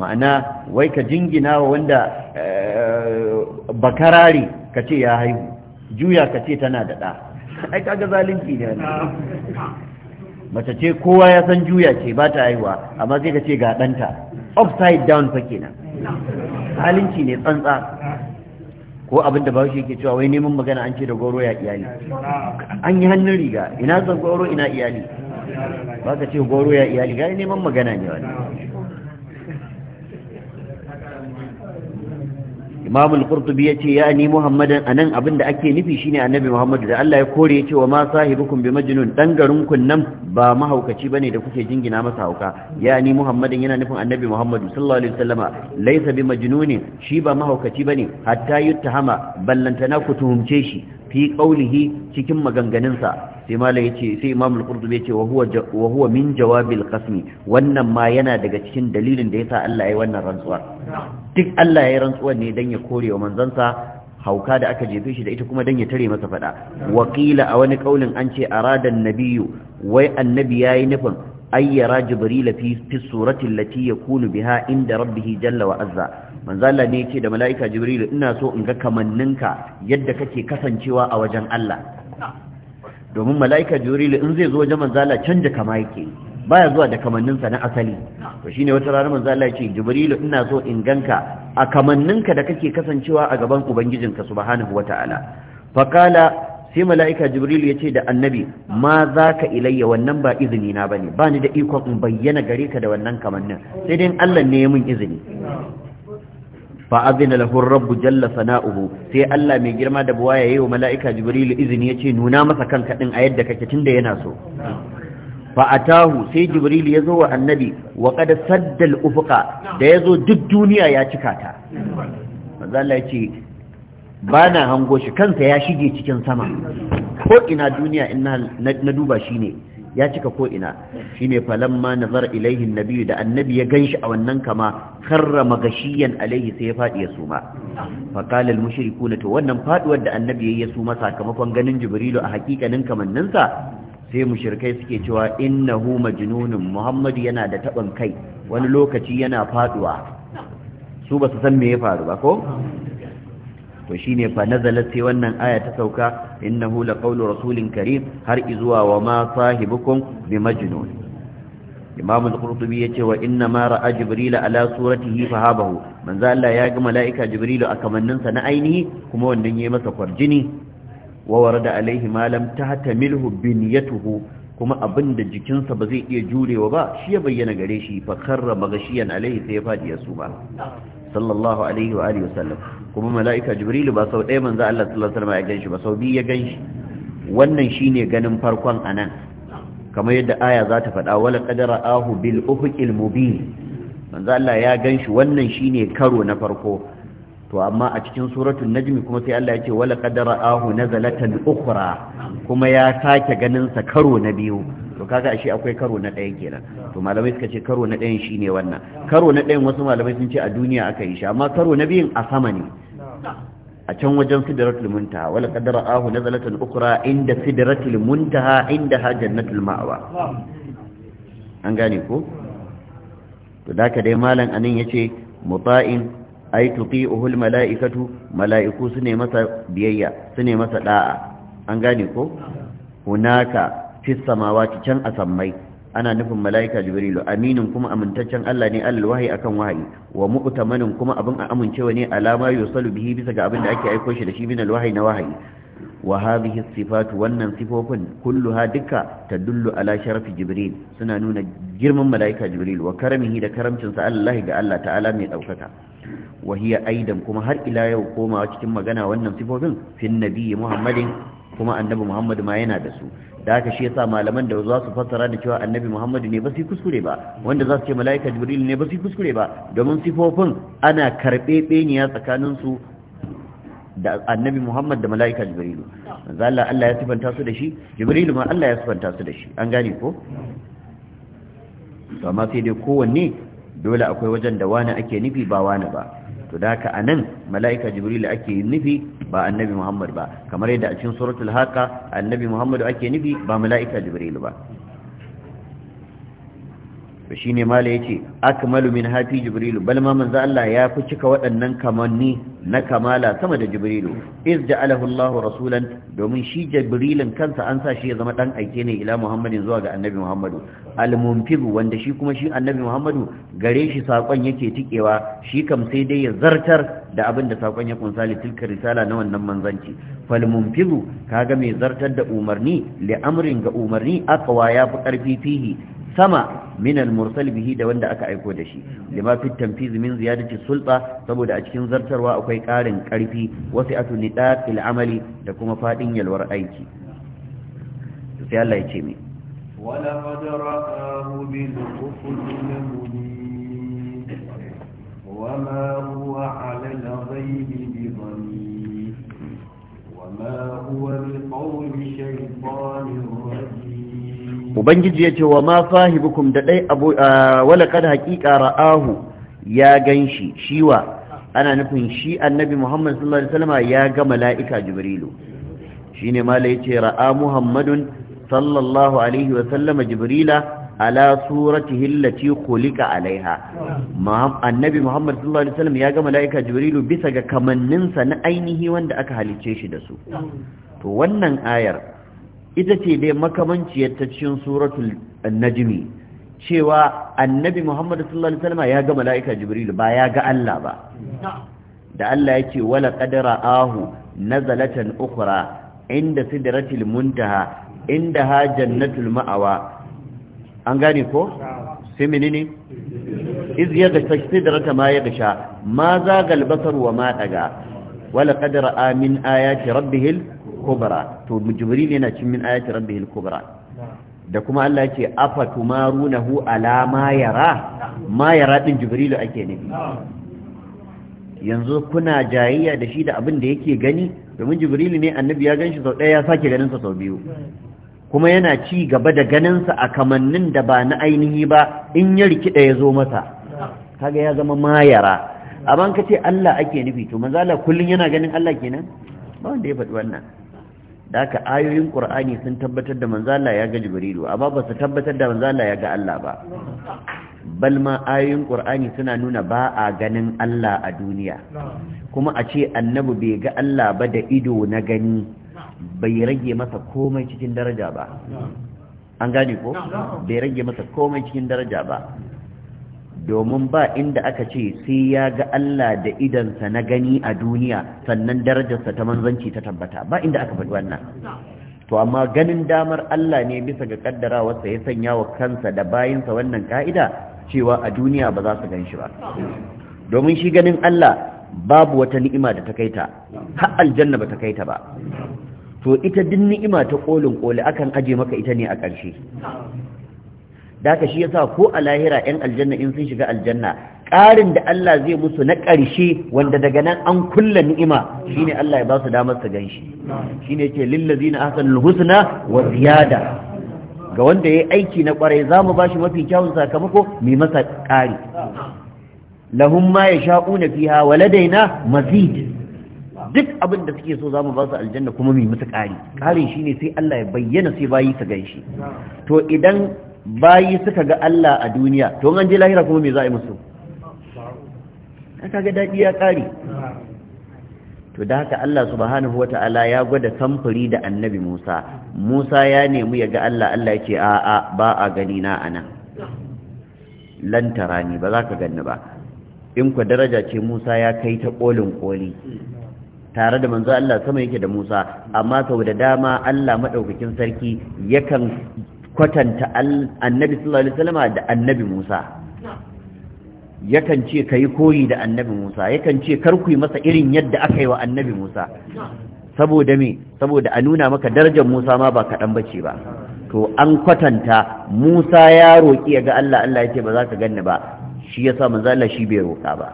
Speaker 1: ma'ana wai ka jingina wa wanda eh, bakarari ka ce ya haihu juya ka ce tana da ɗa ai kaga zalunci ne mace ce kowa ya san juya ce ba ta haihuwa amma sai ka ce ga ɗanta upside down fa kenan zalunci ne tsantsa ko abin da shi ke cewa wai neman magana an ce da goro ya iyali an yi hannun riga ina zan goro ina iyali ba ka ce goro ya iyali gari neman magana ne wani imam al-qurtubi yace ya ni muhammadan anan abinda ake nufi shine annabi muhammadu da Allah ya kore yace wa ma sahibukum bi majnun dan garin kun nan ba mahaukaci bane da kuke jingina masa hauka ya ni muhammadan yana nufin annabi muhammadu sallallahu alaihi wasallama laysa bi majnunin shi ba mahaukaci bane hatta yuttahama ballantana ku tuhumce shi fi qawlihi cikin maganganunsa sai mala yace sai imam al-qurtubi yace wa huwa wa huwa min jawabil qasmi wannan ma yana daga cikin dalilin da yasa Allah ya yi wannan rantsuwar duk Allah ya yi rantsuwar ne dan ya kore wa manzansa hauka da aka jefe shi da ita kuma dan ya tare masa fada wakila a wani kaulin an ce arada nabiyu wai annabi yayi nufin ayyara jibril fi fi surati allati yakunu biha inda rabbihi jalla wa azza manzo Allah ne yake da mala'ika jibril ina so in ga kamanninka yadda kake kasancewa a wajen Allah domin mala'ika jibril in zai zo wajen manzo Allah canja kama yake baya zuwa da kamanninsa na asali to shine wata rana manzo Allah ce jibril ina so in ganka a kamanninka da kake kasancewa a gaban ubangijinka subhanahu wataala fakala sai mala'ika jibril ya ce da annabi ma za ka ilayya wannan ba izini na ba ne ba da ikon in bayyana gare ka da wannan kamannin sai dai Allah ne ya mun izini fa azina lahu rabbu jalla sana'uhu sai Allah mai girma da buwa yayi wa mala'ika jibril izini yace nuna masa kanka din a yadda kake tunda yana so fa atahu sai jibril yazo wa annabi wa qad sadda ufqa da yazo duk duniya ya cika ta
Speaker 3: manzo
Speaker 1: Allah yace ba na hango shi kansa ya shige cikin sama ko ina duniya in na duba shi ne ya cika ko'ina ina shine falamma nazar ilaihin annabi da annabi ya ganshi a wannan kama karrama gashiyan alaihi sai ya faɗi ya suma fa qala mushrikuna to wannan faduwar da annabi yi ya suma sakamakon ganin jibrilu a hakikanin kamanninsa? sai mushrikai suke cewa innahu majnunun muhammadu yana da taɓin kai wani lokaci yana faduwa su ba su san me ya faru ba ko to shine fa nazalat sai wannan aya ta sauka innahu laqawlu rasulin karim har izuwa wa ma sahibukum bimajnun imam al-qurtubi yace wa inna ma ra'a jibril ala suratihi fahabahu manzo Allah ya ga malaika jibril a kamannin sa na ainihi kuma wannan yayi masa kwarjini wa warada alaihi ma lam tahtamilhu binyatuhu kuma abin da jikinsa ba zai iya jurewa ba shi ya bayyana gare shi fa karra magashiyan alaihi sai ya fadi ya suma sallallahu alaihi wa alihi kuma mala'ika jibrilu ba sau ɗaya manzo Allah sallallahu alaihi wasallam ya ba sau biyu ya ganshi wannan ne ganin farkon nan kamar yadda aya za ta faɗa wala qadara ahu bil ufuqil mubin manzo Allah ya ganshi wannan ne karo na farko to amma a cikin suratul najmi kuma sai Allah ya ce wala qadara ahu nazalatan ukhra kuma ya sake ganin sa karo na biyu to kaga ashe akwai karo na ɗaya kenan to malamai suka ce karo na ɗayan shine wannan karo na ɗayan wasu malamai sun ce a duniya aka yi shi amma karo na biyun a sama ne a can wajen sidratul muntaha wala kadara ahu nazalatan ukra inda sidratul muntaha inda ha jannatul ma'wa an gane ko to ka dai malam anan yace muta'in ay tuti'uhul mala'ikatu mala'iku sune masa biyayya sune masa da'a an gane ko hunaka fis samawati can asammai ana nufin mala'ika jibrilu aminin kuma amintaccen Allah ne alal wahayi akan wahayi wa mu'tamanin kuma abin a amincewa ne alama yusalu bihi bisa ga abin da ake aiko shi da shi min alwahyi na wahayi wa hadhihi sifatu wannan sifofin kulluha duka tadullu ala sharafi jibril suna nuna girman mala'ika jibril wa karamihi da karamcin sa Allah ga Allah ta'ala mai daukaka wa hiya aidan kuma har ila yau komawa cikin magana wannan sifofin fin nabiyyi muhammadin kuma annabi muhammad ma yana da su da haka shi yasa malaman da za su fassara da cewa annabi muhammadu ne ba su kuskure ba wanda za su ce mala'ika jibril ne ba su kuskure ba domin sifofin ana karɓe beniya tsakanin su da annabi muhammad da mala'ika jibril zalla Allah ya sifanta su da shi jibril ma Allah ya sifanta su da shi an gane ko to amma sai dai kowanne dole akwai wajen da wani ake nufi ba wani ba to da haka anan mala'ika jibril ake nufi ba annabi muhammad ba kamar yadda a cikin suratul haka annabi muhammad ake nufi ba mala'ika jibril ba to shine mala yace akmalu min hafi jibrilu bal ma manzo Allah ya fi cika waɗannan kamanni na kamala sama da jibrilu iz ja'alahu Allah rasulan domin shi jibrilin kansa an sa shi ya zama dan aike ne ila muhammadin zuwa ga annabi muhammadu al wanda shi kuma shi annabi muhammadu gare shi sakon yake tikewa shi kam sai dai ya zartar da abin da sakon ya kunsa tilka risala na wannan manzanci fal mumfidu kaga mai zartar da umarni li amrin ga umarni aqwa ya fi karfi fihi sama min al-mursal bihi da wanda aka aiko da shi lima fi tanfiz min ziyadati sulta saboda a cikin zartarwa akwai karin karfi wasi'atu nidaq al-amali da kuma fadin yalwar aiki sai Allah ya ce mi
Speaker 2: ولقد رآه بالأفق المبين وما هو على الغيب بضنين وما هو بقول شيطان رجيم
Speaker 1: ubangiji ya ce wa ma fahibukum da dai abu wala kad haqiqa ra'ahu ya ganshi shiwa ana nufin shi annabi Muhammad sallallahu alaihi wasallam ya ga mala'ika jibrilu shine mala yace ra'a Muhammadun sallallahu alaihi wasallam jibrila ala suratihi allati Kulika alaiha annabi Muhammad sallallahu alaihi wasallam ya ga mala'ika jibrilu bisa ga kamanninsa na ainihi wanda aka halice shi da su to wannan ayar ita ce dai makamanciyar ta cikin suratul najmi cewa annabi muhammadu sallallahu alaihi wasallam ya ga mala'ika Jibril ba ya ga Allah ba da Allah ya ce wala qadara ahu nazalatan ukhra inda sidratil muntaha inda ha jannatul ma'awa an gane ko sai menene iz yaga sidrata ma yaga ma zagal basar wa ma daga wala qadara amin ayati rabbihil الكبرى تو jibril yana cin min ayati rabbihil kubra da kuma Allah ce afa tumarunahu ala ma yara ma yara din jibril ake nufi yanzu kuna jayayya da shi da abin da yake gani domin jibril ne annabi ya ganshi sau ɗaya ya sake ganin sa sau biyu kuma yana ci gaba da sa a kamannin da ba na ainihi ba in ya rikida ya zo masa kaga ya zama mayara amma ka ce Allah ake nufi to manzala kullun yana ganin Allah kenan ba wanda ya faɗi wannan da aka ayoyin qur'ani sun tabbatar da manzo Allah ya ga jibrilu amma ba su tabbatar da manzo Allah ya ga Allah ba bal ma ayoyin qur'ani suna nuna ba a ganin Allah a duniya kuma a ce annabi bai ga Allah ba da ido na gani bai rage masa komai cikin daraja ba an gane ko bai rage masa komai cikin daraja ba domin ba inda aka ce sai ya ga Allah da idansa na gani a duniya sannan darajarsa ta manzanci ta tabbata ba inda aka faɗi wannan to amma ganin damar Allah ne bisa ga kaddarawarsa ya sanya wa kansa da bayinsa wannan ka'ida cewa a duniya ba za su gan shi ba domin shi ganin Allah babu wata ni'ima da ta kaita har aljanna ba ta kaita ba to ita din ni'ima ta kolin koli akan aje maka ita ne a ƙarshe da shi yasa ko a lahira yan aljanna in sun shiga aljanna ƙarin da Allah zai musu na ƙarshe wanda daga nan an kulla ni'ima ne Allah ya ba su damar su ganshi ce, yake lillazina ahsanul husna wa ziyada ga wanda ya yi aiki na kwarai zamu bashi mafi kyawun sakamako mai masa ƙari lahum ma na fiha wa ladaina mazid duk abin da suke so mu ba su aljanna kuma mai musu ƙari ƙarin ne sai Allah ya bayyana sai bayi su ganshi to idan bayi suka ga Allah a duniya to an je lahira kuma me za a yi musu kaga dadi ya kare? to da haka Allah subhanahu wata'ala ya gwada samfuri da annabi Musa Musa ya nemi ya ga Allah Allah ya ce a'a ba a gani na ana lan tarani ba za ka ganni ba in ku daraja ce Musa ya kai ta kolin koli tare da manzo Allah sama yake da Musa amma saboda dama Allah madaukakin sarki yakan kwatanta annabi sallallahu alaihi wasallama da annabi Musa yakan ce kai koyi da annabi Musa yakan ce kar ku yi masa irin yadda aka yi wa annabi Musa saboda me saboda a nuna maka darajar Musa ma ba kaɗan bace ba to an kwatanta Musa ya roƙi ya ga Allah Allah ya ce ba za ka ganni ba shi yasa manzo Allah shi bai roƙa ba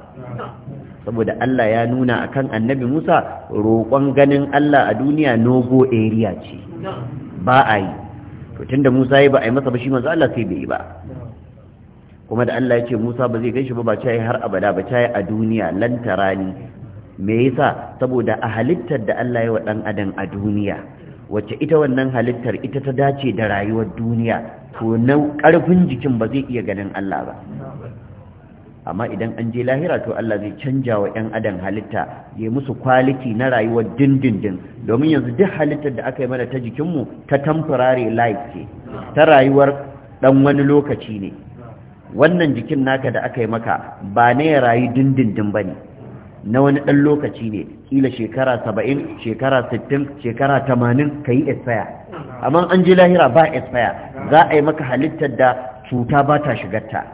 Speaker 1: saboda Allah ya nuna akan annabi Musa roƙon ganin Allah a duniya nogo area ce ba a yi to tunda Musa yayi ba a yi masa ba shi manzo Allah sai bai yi ba kuma da Allah ya ce Musa ba zai gaishe shi ba ba cai har abada ba yi a duniya lan tarani me yasa saboda a halittar da Allah ya wa dan adam a duniya wacce ita wannan halittar ita ta dace da rayuwar duniya to na karfin jikin ba zai iya ganin Allah ba amma idan an je lahira to Allah zai canja wa ‘yan adam halitta ya musu kwaliti na rayuwar dindindin domin yanzu duk halittar da aka yi mana ta jikinmu ta temporary life ce ta rayuwar ɗan wani lokaci ne wannan jikin naka da aka yi maka ba na ya rayu dindindin ba ne na wani ɗan lokaci ne kila shekara saba'in shekara sittin shekara tamanin ka yi espaya amma an je lahira ba espaya za a yi maka halittar da cuta ba ta shigarta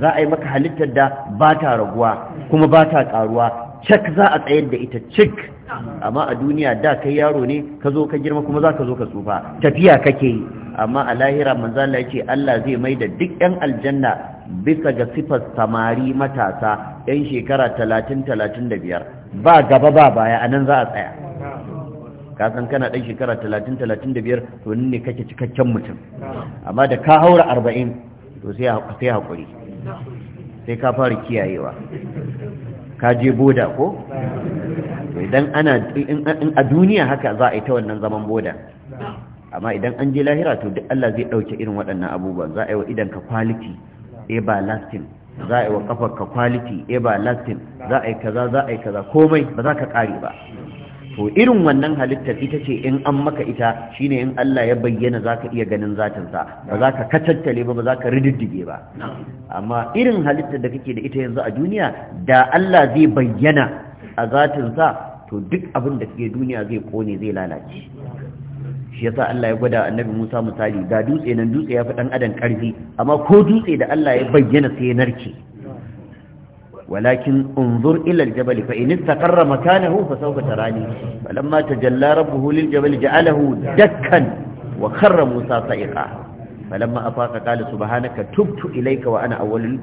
Speaker 1: za a yi maka halittar da ba ta raguwa kuma ba ta karuwa cik za a tsayar da ita cik amma a duniya da kai yaro ne ka zo ka girma kuma za ka zo ka tsufa tafiya kake yi amma a lahira manzala ya ce Allah zai mai da duk 'yan aljanna bisa ga sifar samari matasa 'yan shekara talatin talatin ba gaba ba baya a nan za a tsaya kasan kana ɗan shekara talatin talatin biyar to ne kake cikakken mutum amma da ka haura arba'in to sai hakuri. sai ka fara kiyayewa ka je boda ko idan ana in a duniya haka za a yi ta wannan zaman boda amma idan an je lahira to duk Allah zai dauke irin waɗannan abubuwan za a yi wa idan ka quality eh ba lasting za a yi wa kafar ka quality eh ba lasting za a yi kaza za a yi kaza komai ba za ka kare ba to irin wannan halittar ita ce in an maka ita shine in Allah ya bayyana za ka iya ganin zatinsa ba za ka katattale ba ba za ka rididdige ba amma irin halittar da kake da ita yanzu a duniya da Allah zai bayyana a zatinsa to duk abin da kake duniya zai kone zai lalace shi yasa Allah ya gwada annabi Musa misali ga dutse nan dutse ya fi dan adam karfi amma ko dutse da Allah ya bayyana sai ya narke ولكن انظر إلى الجبل فإن استقر مكانه فسوف تراني فلما تجلى ربه للجبل جعله دكا وخر موسى صائقا فلما أفاق قال سبحانك تبت إليك وأنا أول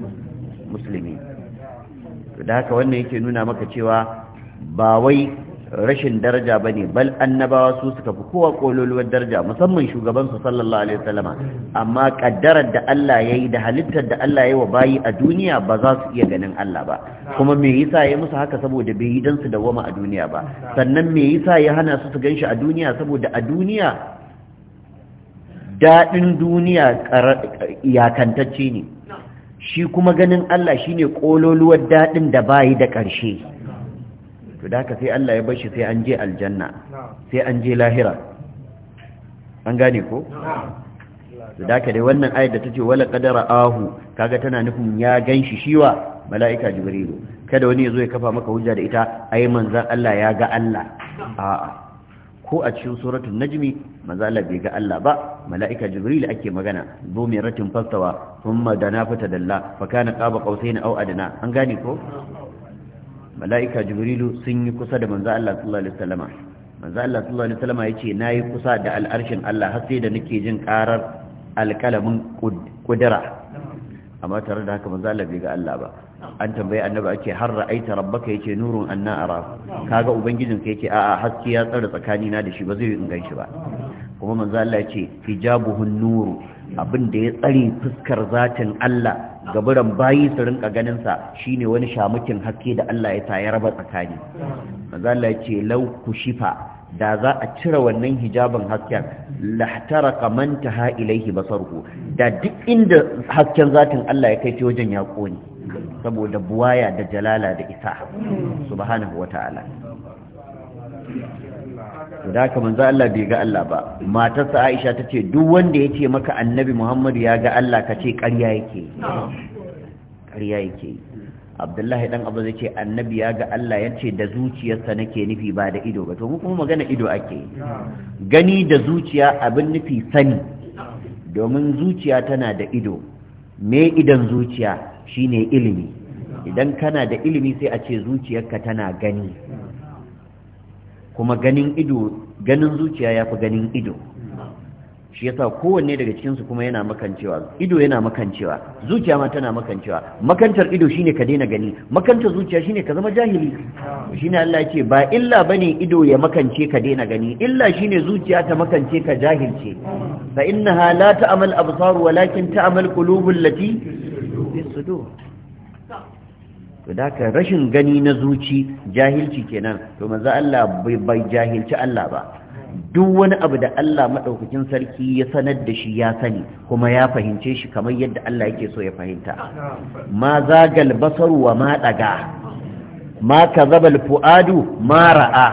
Speaker 1: المسلمين فذاك وأنه يكي نونا مكتشوا باوي rashin daraja ba ne bal annabawa su suka fi kowa kololuwar daraja musamman shugabansu sallallahu alaihi wasallama amma ƙaddarar da Allah ya yi da halittar da Allah ya yi wa bayi a duniya ba za su iya ganin Allah ba kuma me yasa ya musu haka saboda bai yi don su wama a duniya ba sannan me yasa ya hana su su ganshi a duniya saboda a duniya daɗin duniya iyakantacce ne shi kuma ganin Allah shine kololuwar daɗin da bayi da ƙarshe to da haka sai Allah ya bashi sai an je aljanna sai an je lahira an gane ko to da haka dai wannan ayat da tace wala qadara ahu kaga tana nufin ya ganshi shiwa mala'ika jibrilu kada wani yazo ya kafa maka hujja da ita ai manzan Allah ya ga Allah a'a ko a cikin suratul najmi manzo bai ga Allah ba mala'ika jibril ake magana zo mai ratin fastawa thumma dana fata dalla fa kana qaba qausaina aw adna an gane ko mala'ika jibrilu sun yi kusa da manzo Allah sallallahu alaihi wasallama manzo Allah sallallahu alaihi wasallama yace yi kusa da al'arshin Allah har sai da nake jin karar alkalamin kudura amma tare da haka manzo Allah bai ga Allah ba an tambaye annabi ake har ra'aita rabbaka yace nurun anna ara kaga ubangijinka yake a'a haske ya tsare na da shi ba zai yi in ganshi ba kuma manzo Allah ce hijabuhun nuru abin da ya tsare fuskar zatin Allah gaburan bayi su rinka ganin sa shine wani shamukin haske da Allah ya tayar raba tsakani manzo Allah ce law kushifa da za a cire wannan hijabin hasken lahtaraka man taha ilaihi basarhu da duk inda hasken zatin Allah ya kai wajen ya kone saboda buwaya da jalala da isa subhanahu wataala da haka manzo Allah bai ga Allah ba matarsa Aisha ta ce duk wanda ya ce maka annabi Muhammad ya ga Allah ka ce ƙarya yake ƙarya yake Abdullahi dan Abu zai ce annabi ya ga Allah ya ce da zuciyarsa nake nufi ba da ido ba to mu kuma magana ido ake gani da zuciya abin nufi sani domin zuciya tana da ido me idan zuciya shine ilimi idan kana da ilimi sai a ce zuciyarka tana gani kuma ganin ido ganin zuciya ya fi ganin ido shi yasa kowanne daga cikinsu kuma yana makancewa ido yana makancewa zuciya ma tana makancewa makantar ido shine ka daina gani makantar zuciya shine ka zama jahili shine Allah ce ba illa bane ido ya makance ka daina gani illa shine zuciya ta makance ka jahilce fa innaha la ta'mal absar walakin ta'mal qulubul lati fi to da ka rashin gani na zuci jahilci kenan to manzo Allah bai jahilci Allah ba duk wani abu da Allah madaukakin sarki ya sanar da shi ya sani kuma ya fahimce shi kamar yadda Allah yake so ya fahimta ma zagal basaru wa ma daga ma kazabal fuadu ma ra'a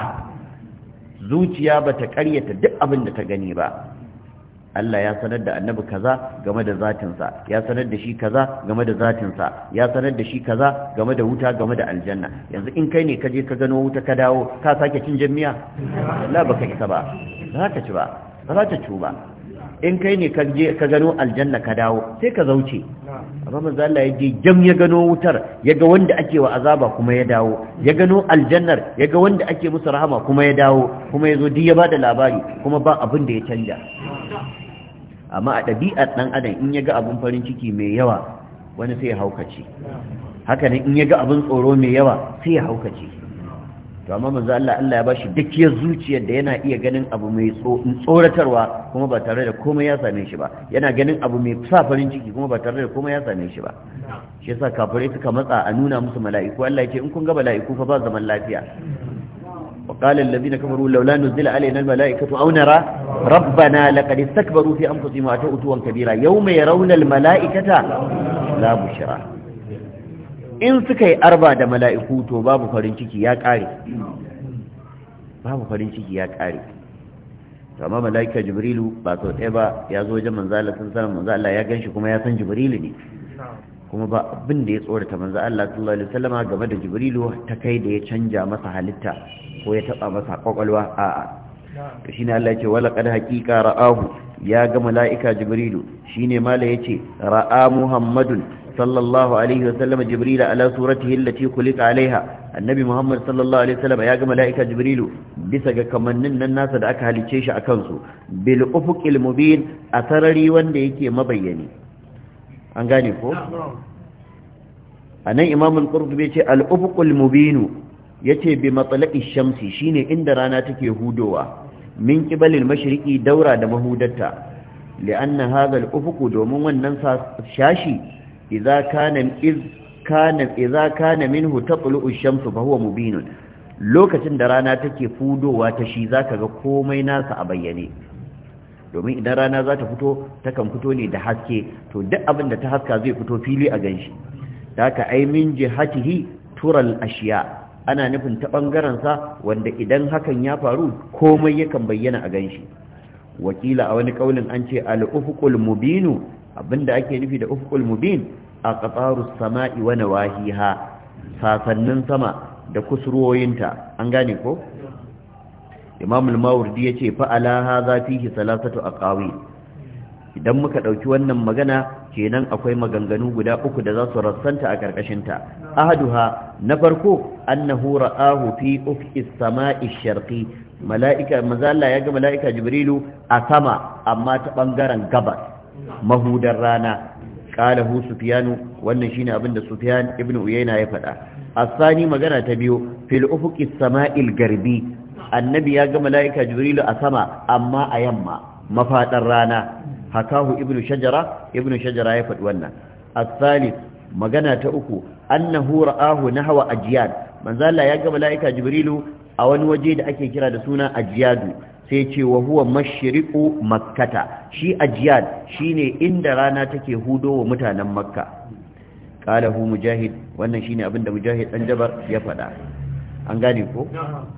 Speaker 1: zuciya bata karyata duk abin da ta gani ba Allah ya sanar da annabi kaza game da zatinsa ya sanar da shi kaza game da zatinsa ya sanar da shi kaza game da wuta game da aljanna yanzu in kai ne ka je ka gano wuta ka dawo ka sake cin jami'a? la baka isa ba za ka ci ba za ka ci ba in kai ne ka je ka gano aljanna ka dawo sai ka zauce amma manzo Allah ya je jam ya gano wutar ya ga wanda ake wa azaba kuma ya dawo ya gano aljannar ya ga wanda ake musu rahama kuma ya dawo kuma ya zo duk ya bada labari kuma ba abin da ya canja amma a ɗabi'ar ɗan adam in ya ga abin farin ciki mai yawa wani sai ya haukace haka ne in ya ga abin tsoro mai yawa sai ya haukace to amma manzo Allah Allah ya bashi dukiyar zuciyar da yana iya ganin abu mai tsoratarwa kuma ba tare da komai ya same shi ba yana ganin abu mai sa farin ciki kuma ba tare da komai ya same shi ba shi yasa kafirai suka matsa a nuna musu mala'iku Allah ya ce in kun ga mala'iku fa ba zaman lafiya وقال الذين كفروا لولا نزل علينا الملائكة auna نرى ربنا لقد استكبروا في anfusihim wa atau utuwan kabira Yau mai al mala'ikata la bushra in suka yi arba da mala'iku to babu farin ciki ya kare to amma mala'ika jibrilu ba so ɗaya ba ya zo wajen يا sun sanar Allah ya kuma ne kuma ba abin da ya tsorata manzo Allah sallallahu alaihi wasallam game da jibrilu ta kai da ya canja masa halitta ko ya taba masa kwakwalwa a to ne Allah yake wala qad haqiqa ra'ahu ya ga mala'ika jibrilu shine mala yace ra'a muhammadun sallallahu alaihi wa sallam jibril ala suratihi allati kulika alaiha annabi muhammad sallallahu alaihi wa sallam ya ga mala'ika jibrilu bisa ga kamannin nan nasa da aka halice shi akan su bil ufuqil mubin a sarari wanda yake mabayyani an gane ko anan imamul qurtubi ce al ufuqul mubinu Ya ce bi matlaqi shamsi shine inda rana take hudowa min ƙibalin mashriqi daura da mahudarta li'anna hadha al-ufuq domin wannan shashi idza kana iz kana idza kana minhu tatlu'u ash-shamsu fa huwa mubinun lokacin da rana take fudowa ta shi zaka ga komai nasa a bayyane domin idan rana za ta fito takan fito ne da haske to duk abin da ta haska zai fito fili a ganshi da haka ai min jihatihi tural ashiya ana nufin ta ɓangarensa wanda idan hakan ya faru komai yakan bayyana a ganshi wakila a wani ƙaunin an ce al'ufukul mubinu abinda ake nufi da ufukul mubin a ƙafarus sama'i wani wahiha sasannin sama da kusurwoyinta an gane ko imamul mawardi ya ce fa'ala ha za fi salasatu a ƙawai idan muka ɗauki wannan magana kenan akwai maganganu guda uku da za su rassanta a ƙarƙashinta ahaduha na farko annahu ra'ahu fi ufqis sama'i sharqi mala'ika mazalla ya ga mala'ika jibrilu a sama amma ta bangaren gabas mahudar rana qala hu sufyanu wannan shine abin da sufyan ibn uyayna ya faɗa asani magana ta biyu fil ufqis sama'il garbi annabi ya ga mala'ika jibrilu a sama amma a yamma mafaɗar rana hakahu ibnu shajara ibnu shajara ya faɗi wannan الثالث magana ta uku annahu ra'ahu nahwa ajyad manzo Allah ya ga malaika jibrilu a wani waje da ake kira da suna ajyadu sai ce wa huwa mashriqu makkata shi ajyad shine inda rana take hudo wa mutanen makka qala hu mujahid wannan shine abinda mujahid dan jabar ya faɗa an gane ko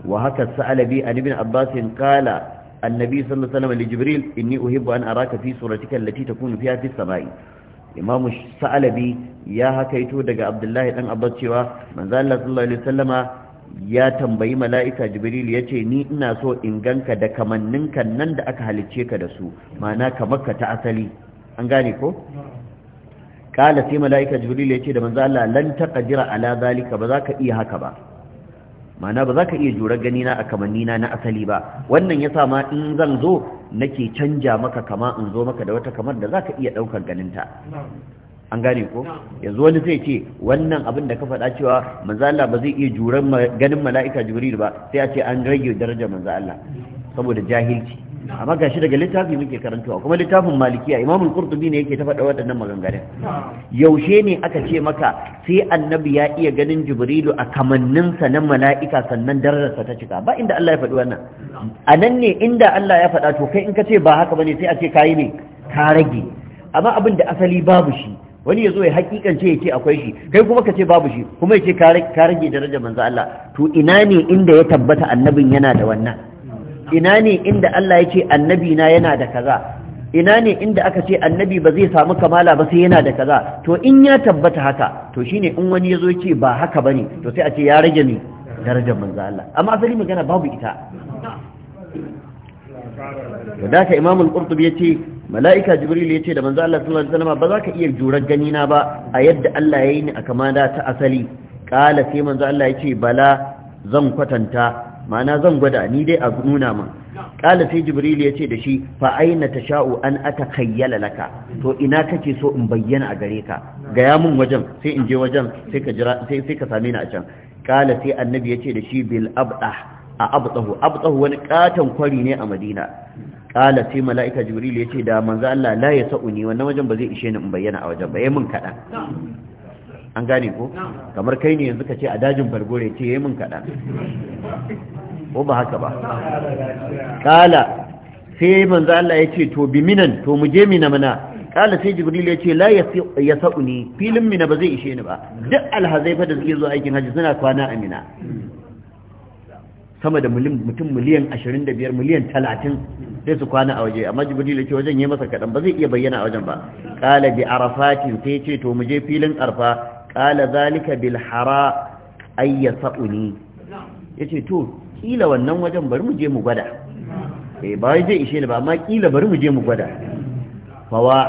Speaker 1: wa haka sa'alabi an ibn abbas qala annabi sallallahu alaihi wasallam li jibril inni uhibbu an araka fi suratika allati takunu fiha fi samai imamu sa'alabi ya hakaito daga abdullahi dan abbas cewa manzo Allah sallallahu alaihi wasallama ya tambayi mala'ika jibril yace ni ina so in ganka da kamanninka nan da aka halicce ka da su ma'ana kamar ka ta asali an gane ko kala sai mala'ika jibril yace da manzo Allah lan taqdira ala zalika ba za ka iya haka ba mana ba za ka iya jura na a kamannina na asali ba wannan ya sa ma in zan zo nake canja maka kama in zo maka da wata kamar da za ka iya ɗaukar ganinta an gane ko yanzu wani zai ce wannan abin da ka faɗa cewa manzo Allah ba zai iya juran ganin mala'ika jibril ba sai a ce an rage darajar manzo Allah saboda jahilci amma gashi daga littafi muke karantawa kuma littafin malikiya imamul kurtubi ne yake ta da waɗannan maganganun yaushe ne aka ce maka sai annabi ya iya ganin jibrilu a kamanninsa na mala'ika sannan darajarsa ta cika ba inda Allah ya faɗi wannan a nan ne inda Allah ya faɗa to kai in ka ce ba haka bane sai a ce kayi ne ka rage amma abin da asali babu shi wani ya zo ya hakikance ya ce akwai shi kai kuma ka ce babu shi kuma ya ce ka rage darajar manzo Allah to ina ne inda ya tabbata annabin yana da wannan ina ne inda Allah ya ce annabi na yana da kaza ina ne inda aka ce annabi ba zai samu kamala ba sai yana da kaza to in ya tabbata haka to shine in wani ya zo ce ba haka bane to sai a ce ya rage ni darajar manzo Allah amma asali magana babu ita wadaka imam al-qurtubi yace mala'ika jibril yace da manzo Allah sallallahu alaihi wasallam ba za ka iya jurar gani na ba a yadda Allah ya yi ni a kamada ta asali kala sai manzo Allah yace bala zan kwatanta ma'ana zan gwada ni dai a nuna min Ƙala sai jibril ya ce da shi fa ta sha'u an aka atakhayyala laka to ina kake so in bayyana a gare ka gaya min wajen sai in je wajen sai ka same ni a can Ƙala sai annabi ya ce da shi bil abdah a abdahu abdahu wani katon kwari ne a madina Ƙala sai mala'ika jibril ya ce da manzo Allah la ya sa'uni wannan wajen ba zai ishe ni in bayyana a wajen ba yayin min kaɗan. an gane ko kamar kai ne yanzu ka ce a dajin bargore ce ya yi min kaɗan ko ba haka ba kala sai manzo Allah ya ce to bi minan to mu je mina mana kala sai jibril ya ce la ya ni? filin mina ba zai ishe ni ba duk alhazai fa da suke zuwa aikin haji suna kwana a mina sama da mutum miliyan 25 miliyan 30 sai su kwana a waje amma jibril ya ce wajen yayi masa kadan ba zai iya bayyana a wajen ba Ƙala bi arafatin sai ya ce to mu je filin arfa qala zalika bilhara ayya yace to kila wannan wajen bari mu je mu gwada eh ba je ishe ni ba amma kila bari mu je mu gwada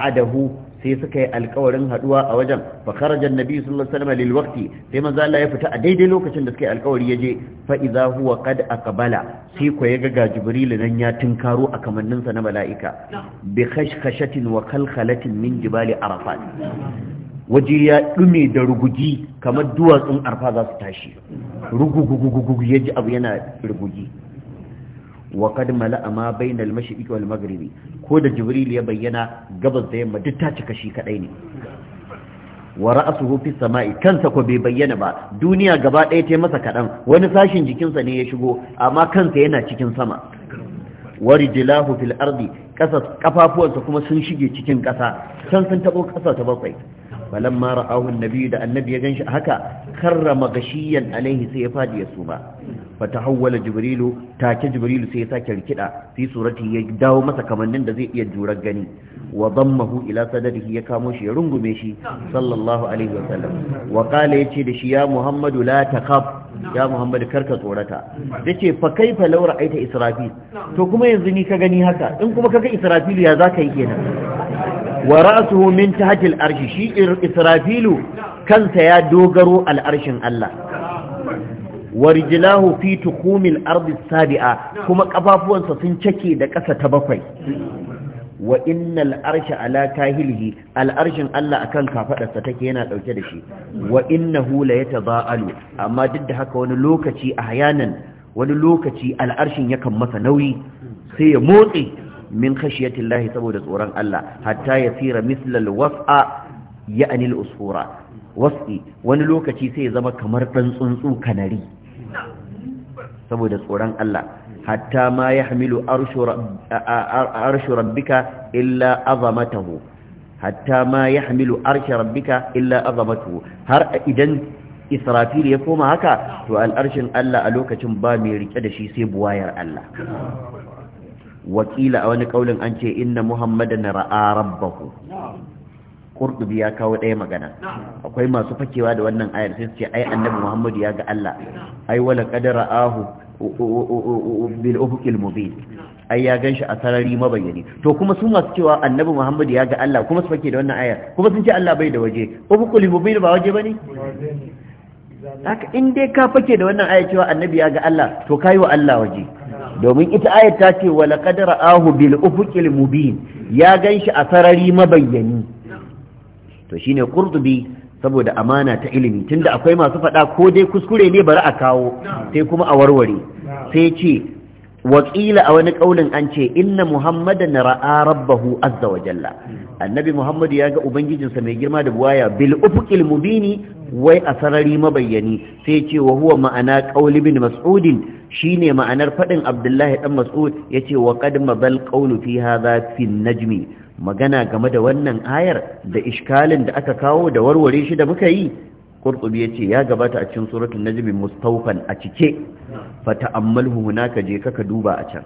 Speaker 1: adahu sai suka yi alkawarin haduwa a wajen fa kharaja nabi sallallahu alaihi wasallam lil waqti sai manzo Allah ya fita a daidai lokacin da suka yi alkawari yaje fa idza huwa qad aqbala sai ko ya ga jibril nan ya tinkaro a sa na mala'ika bi khashkhashatin wa khalkhalatin min jibali arafat waje ya dume da rugugi kamar duwatsun arfa za su tashi rugugugugugugu ya ji abu yana rugugi wa kad amma ma bainal mashriqi wal maghribi ko da jibril ya bayyana gabas da yamma duk ta cika shi kadai ne wa ra'suhu fi sama'i kansa ko bai bayyana ba duniya gaba ɗaya ta masa kaɗan, wani sashin jikinsa ne ya shigo amma kansa yana cikin sama wa rijlahu fil ardi kasa kafafuwansa kuma sun shige cikin kasa can sun tabo kasa ta bakwai falamma ra'ahu annabi da annabi ya ganshi haka karrama gashiyan alaihi sai ya fadi ya suma hauwala jibrilu take jibrilu sai ya sake rikida sai surati ya dawo masa kamannin da zai iya jurar gani wa ila sadadihi ya kamo shi ya rungume shi sallallahu alaihi wa sallam wa ya yace da shi ya muhammadu la ya muhammadu karka tsorata yace fa kaifa law ra'aita israfil to kuma yanzu ni ka gani haka in kuma ka ga israfil ya zaka yi kenan wa ra'suhu min tahti al-arshi shi israfilu kansa ya dogaro al-arshin Allah wa rijlahu fi tuqumi al-ardi as-sabi'a kuma kafafuwansa sun cake da ƙasa ta bakwai wa innal arsha ala kahilihi al'arshin Allah akan kafadarsa take yana dauke da shi wa innahu la yatabaalu amma duk da haka wani lokaci ahyanan wani lokaci al'arshin yakan masa nauyi sai ya motsi min khashiyatillahi saboda tsoron Allah hatta yasira mislal was'a ya'ni al-usfura was'i wani lokaci sai ya zama kamar dan tsuntsu kanari saboda tsoron Allah hatta ma yahmilu arshu rabbika illa azamatahu hatta ma yahmilu arshu rabbika illa azamatahu har idan israfil ya koma haka to al'arshin Allah a lokacin ba mai rike da shi sai buwayar Allah wakila a wani kaulin an ce inna na ra'a rabbahu kurdubi ya kawo ɗaya magana akwai masu fakewa da wannan ayar sai ce ai annabi muhammadu ya ga Allah ai wala qadara ahu bil ufuqil mubin ai ya ganshi a sarari mabayyani to kuma su masu cewa annabi muhammadu ya ga Allah kuma su fake da wannan ayar kuma sun ce Allah bai da waje ufuqil mubin ba waje bane haka in dai ka fake da wannan ayar cewa annabi ya ga Allah to kai wa Allah waje domin ita ayat ta ce wa laqad ra'ahu bil ufuqil mubin ya ganshi a sarari mabayyani to shine qurtubi saboda amana ta ilimi tunda akwai masu faɗa ko dai kuskure ne bari a kawo sai kuma a warware sai ce wakila a wani kaulin an ce inna muhammadan ra'a rabbahu azza wa jalla annabi muhammad ya ga ubangijinsa mai girma da buwaya bil ufuqil mubini wai a sarari mabayyani sai ce wa huwa ma'ana qaul Mas'udin shine ma'anar fadin abdullahi dan mas'ud yace wa qad mabal qawlu fi hadha fi najmi magana game da wannan ayar da iskalin da aka kawo da warware shi da muka yi qurtubi yace ya gabata a cikin suratul najmi mustawfan a cike fa ta'ammalhu hunaka je kaka duba a can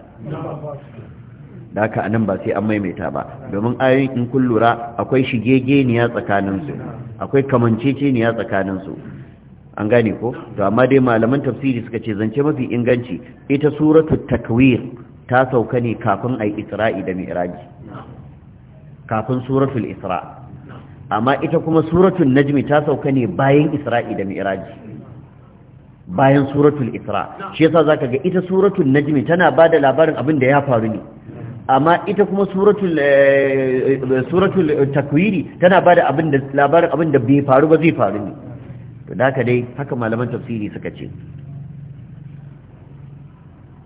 Speaker 1: da haka anan ba sai an maimaita ba domin ayoyin in kun lura akwai shigegeniya tsakaninsu akwai kamanceceniya tsakaninsu an gane ko to amma dai malaman tafsiri suka ce zance mafi inganci ita suratul takwir ta sauka ne kafin ai isra'i da mi'raji kafin suratul isra amma ita kuma suratul najmi ta sauka ne bayan isra'i da mi'raji bayan suratul isra shi yasa zaka ga ita suratul najmi tana bada labarin abin da ya faru ne amma ita kuma suratul eh, takwiri tana bada da labarin abin da bai faru ba zai faru ne to da dai haka malaman tafsiri suka ce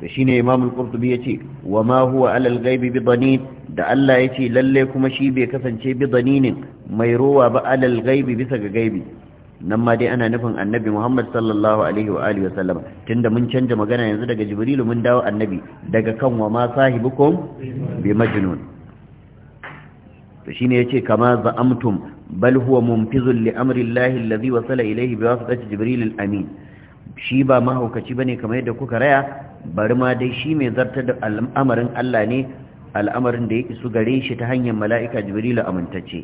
Speaker 1: to shine imamul al ya ce wa ma huwa alal gaibi bi danin da Allah ya ce lallai kuma shi bai kasance bi daninin mai rowa ba alal gaibi bisa ga gaibi nan ma dai ana nufin annabi Muhammad sallallahu alaihi wa alihi wasallam tunda mun canja magana yanzu daga Jibrilu mun dawo annabi daga kan wa ma sahibukum bi majnun to shine yace kama za'amtum bal huwa munfizun li amri Allah alladhi wasala ilayhi bi wasitati Jibril al-amin shi ba mahaukaci bane kamar yadda kuka raya bari ma dai shi mai zartar da al'amarin Allah ne al'amarin da ya isu gare shi ta hanyar mala'ika Jibrilu amintacce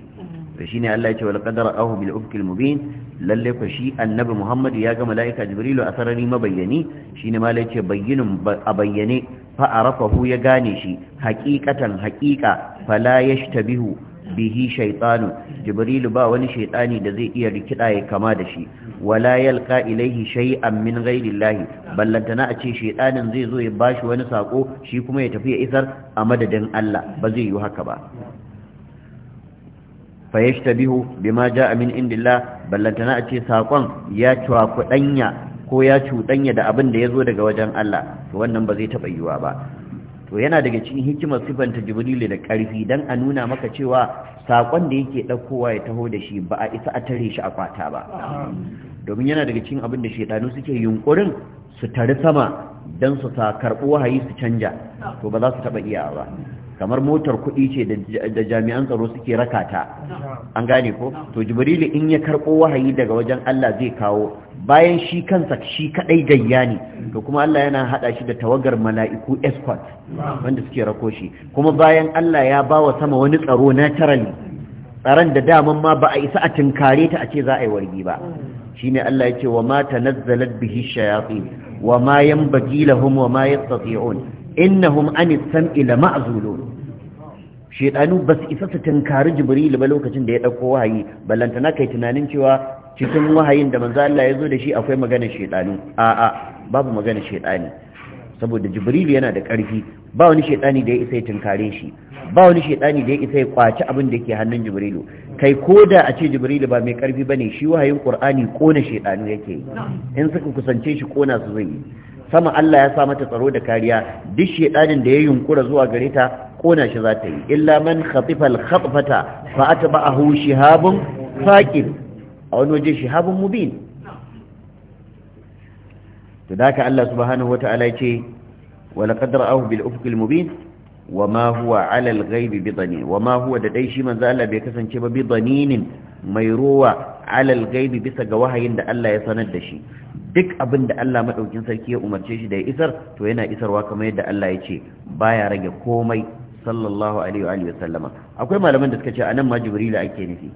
Speaker 1: to shine Allah ya ce wal qadara ahu bil ufqil mubin lalle ko shi annabi Muhammad ya ga malaika Jibrilu a sarari mabayyani shine ma ya ce bayyinun a bayyane fa arafahu ya gane shi haqiqatan haqiqa fala yashtabihu bihi shaytanu jibrilu ba wani shaytani da zai iya rikida ya kama da shi wala yalqa ilaihi shay'an min ghairillahi ballantana a ce shaytanin zai zo ya bashi wani sako shi kuma ya tafi ya isar a madadin Allah ba zai yi haka ba fa bihu bima jaa min indillah ballantana a ce sakon ya ɗanya, ko ya cuɗanya da abin da yazo daga wajen Allah to wannan ba zai taɓa yiwa ba to yana daga cikin hikimar sifanta jibrilu da karfi dan a nuna maka cewa sakon da yake ɗaukowa ya taho da shi ba a isa a tare shi a kwata ba domin yana daga cikin abin da shaidanu suke yunkurin su tari sama dan su karbo wahayi su canja to ba za su taɓa iya ba kamar motar kuɗi ce da jami'an tsaro suke rakata an gane ko to jibrilu in ya karɓo wahayi daga wajen Allah zai kawo bayan shi kansa shi kadai gayya ne to kuma Allah yana hada shi da tawagar mala'iku escort wanda suke rako shi kuma bayan Allah ya bawa sama wani tsaro naturally tsaron da daman ma ba a isa a tinkare ta a ce za a yi wargi ba shine Allah ya ce wa ma tanazzalat bihi shayatin wa ma yanbaghi lahum wa ma yastati'un innahum anis sam'i la ma'zulun shedanu bas isa su tinkari jibril ba lokacin da ya dauko wahayi ballantana kai tunanin cewa cikin wahayin da manzo Allah ya zo da shi akwai magana shedanu a a babu magana shedani saboda jibril yana da karfi ba wani shedani da ya isa ya tinkare shi ba wani shedani da ya isa ya kwaci abin da yake hannun jibrilu kai koda a ce jibrilu ba mai karfi bane shi wahayin qur'ani kona shedanu yake in suka kusance shi kona su zai yi sama Allah ya sa mata tsaro da kariya duk shedanin da ya yunkura zuwa gare ta kona shi za ta yi illa man khatifa al-khatfata fa atba'ahu shihabun faqir a wani waje shihabun mubin to da Allah subhanahu wata'ala ce wa qad ra'ahu bil ufuq mubin wa ma huwa alal ghaibi bidani wa ma huwa da dai shi manzo Allah bai kasance ba bidaninin mai ruwa alal ghaibi bisa ga wahayin da Allah ya sanar da shi duk abin da Allah madaukin sarki ya umarce shi da ya isar to yana isarwa kamar yadda Allah ya ce baya rage komai sallallahu alaihi wa alihi wasallama akwai malaman da suka ce anan ma jibrilu ake nufi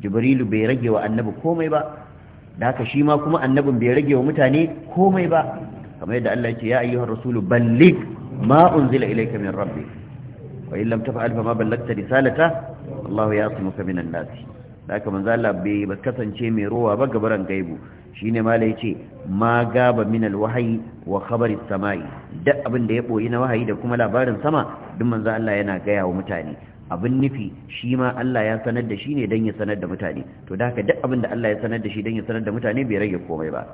Speaker 1: jibrilu bai rage wa annabi komai ba da haka shi ma kuma annabin bai rage wa mutane komai ba kamar yadda Allah ya ce ya ayyuhar rasulu balligh ma unzila ilayka min rabbik wa in lam taf'al fa ma ballagta risalata Allahu ya'simuka minan nas haka manzo Allah bai kasance mai ruwa ba gabaran gaibu shine mala yace ma gaba min alwahyi wa khabari samai duk da ya boye na wahayi da kuma labarin sama duk manzo Allah yana gaya wa mutane abin nufi shi ma Allah ya sanar da shi ne dan ya sanar da mutane to da haka duk da Allah ya sanar da shi dan ya sanar da mutane bai rage komai ba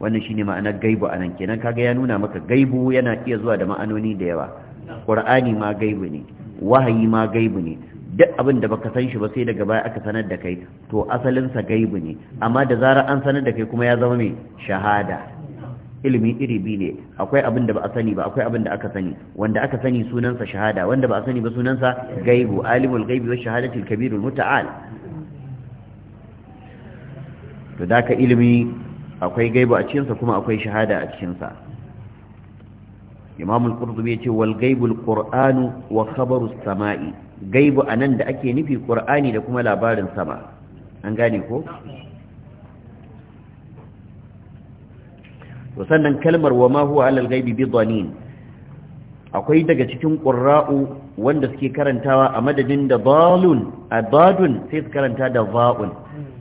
Speaker 1: wannan shine ma'anar gaibu nan kenan kaga ya nuna maka gaibu yana iya zuwa da ma'anoni da yawa ƙur'ani ma gaibu ne wahayi ma gaibu ne duk abin da baka san shi ba sai daga baya aka sanar da kai to asalinsa sa gaibu ne amma da zarar an sanar da kai kuma ya zama mai shahada ilimi iri biyu ne akwai abin da ba a sani ba akwai abin da aka sani wanda aka sani sunansa shahada wanda ba a sani ba sunansa gaibu alimul gaibi wa shahadatul kabirul muta'al to da ka ilimi akwai gaibu a cikinsa kuma akwai shahada a cikinsa imam al-qurtubi yace wal gaibul qur'anu wa khabaru samai gaibu anan da ake nufi qur'ani da kuma labarin sama an gane ko to sannan kalmar wa ma huwa alal gaibi dhanin akwai daga cikin qurra'u wanda suke karantawa a madadin da dalun adadun sai su karanta da za'un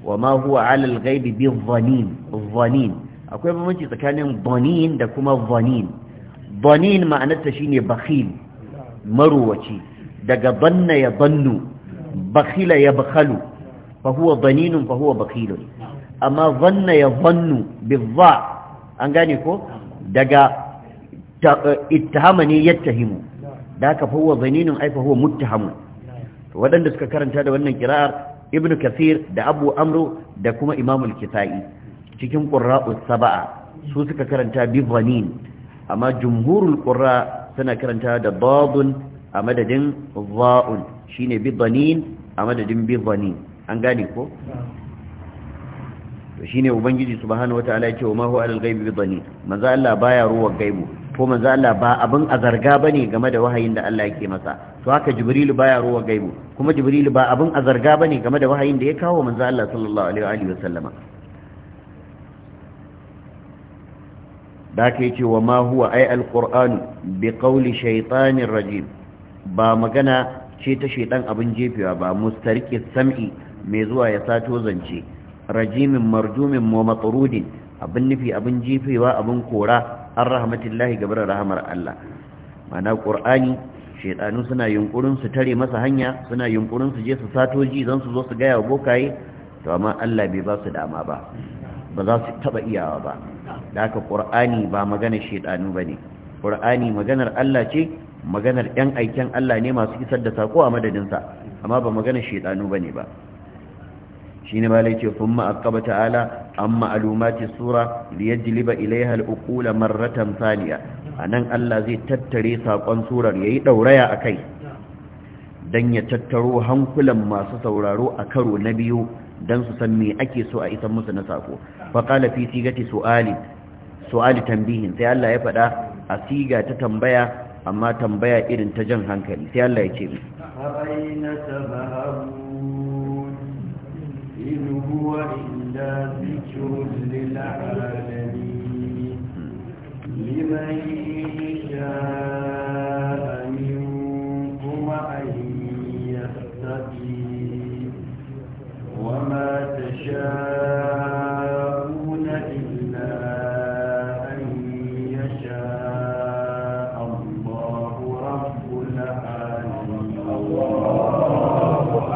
Speaker 1: wa ma huwa ala gaibi bi dhanin dhanin akwai bambanci tsakanin dhanin da kuma dhanin dhanin ma'anarta shine bakhil maruwaci daga banna ya bannu bakhila ya bakhalu fa huwa dhaninun fa huwa bakhilun amma dhanna ya dhannu bi dha an gane ko daga ittahama ne yattahimu da haka fa huwa dhaninun ai fa huwa muttahamun waɗanda suka karanta da wannan kira'ar ibn kathir da abu amru da kuma imamul kisa'i cikin qurra'us sab'a su suka karanta bi amma jumhurul qurra suna karanta da babun a madadin dha'un shine bi a madadin bi an gane ko to shine ubangiji subhanahu wataala yake wa ma huwa alal ghaibi bidani manzo Allah baya ruwa gaibu ko manzo Allah ba abin azarga bane game da wahayin da Allah yake masa to haka jibril baya ruwa gaibu kuma jibril ba abin azarga bane game da wahayin da ya kawo manzo Allah sallallahu alaihi wa alihi wasallama da ka yace wa ma huwa ay alquran bi qawli shaytanir rajim ba magana ce ta shedan abin jefewa ba mustarqi sam'i mai zuwa ya sato zance rajimin marjumin wa abin nufi abin jifewa abin kora an rahmatillahi gabar rahamar Allah mana ƙur'ani, shedanu suna yunkurin su tare masa hanya suna yunkurin su je su sato ji zan su zo su gaya wa bokaye to amma Allah bai ba su dama ba ba za su taba iyawa ba da haka ƙur'ani ba magana ba ne. Ƙur'ani maganar Allah ce maganar 'yan aiken Allah ne masu isar da sako a madadinsa amma ba maganar ba ne ba Shi ma lai ce thumma aqaba ta'ala an ma'lumati sura Jiliba ilaiha Uku uqula marratan A anan Allah zai tattare sakon surar ɗauraya a kai don ya tattaro hankulan masu sauraro a karo na biyu dan su san me ake so a isan musu na sako fa fi sigati su'ali su'ali tambihin sai Allah ya faɗa a siga ta tambaya amma tambaya irin ta jan hankali sai Allah ya ce
Speaker 2: لذكر للعالمين لمن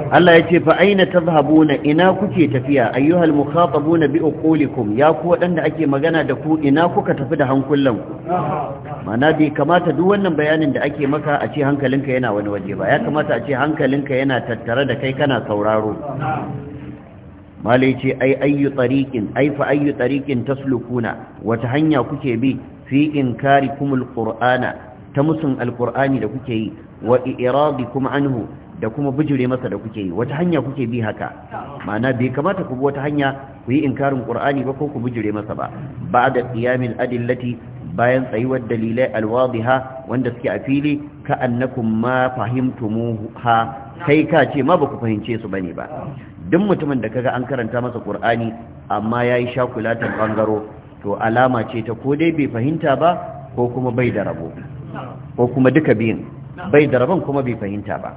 Speaker 1: Allah ya ce fa aina tazhabuna ina kuke tafiya ayyuhal mukhatabuna bi uqulikum ya ku wadanda ake magana da ku ina kuka tafi da hankulan ku mana bai kamata duk wannan bayanin da ake maka a ce hankalinka yana wani waje ba ya kamata a ce hankalinka yana tattare da kai kana sauraro malai ce ai ayyu tariqin ai fa ayyu tariqin taslukuna wata hanya kuke bi fi inkarikumul qur'ana ta musun alqur'ani da kuke yi wa iradikum anhu da kuma bijire masa da kuke yi wata hanya kuke bi haka ma'ana bai kamata ku bi wata hanya ku yi inkarin qur'ani ba ko ku bijire masa ba da qiyamil adillati bayan tsayuwar dalilai alwadiha wanda suke a fili ka annakum ma fahimtumuha kai ka ce ma baku fahimce su bane ba duk mutumin da kaga an karanta masa qur'ani amma yayi shakulatan bangaro to alama ce ta ko dai bai fahimta ba ko kuma bai da rabo ko kuma duka biyin bai da rabon kuma bai fahimta ba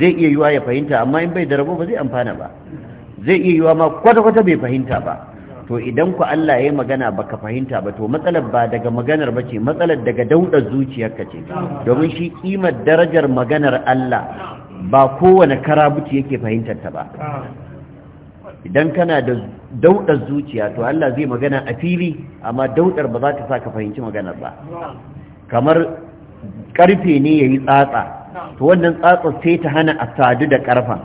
Speaker 1: zai iya yiwa ya fahimta amma in bai da rabo ba zai amfana ba zai iya yiwa ma kwata-kwata bai fahimta ba to idan ku Allah ya yi magana baka fahimta ba to matsalar ba daga maganar ba ce matsalar daga daudar zuciyarka ce domin shi kimar darajar maganar Allah ba kowane karabuci yake fahimtar ta ba idan kana da dauɗar zuciya to Allah zai magana a fili amma daudar ba za ta sa ka fahimci maganar ba kamar karfe ne yayi tsatsa to wannan tsatsar sai ta hana a sadu da ƙarfa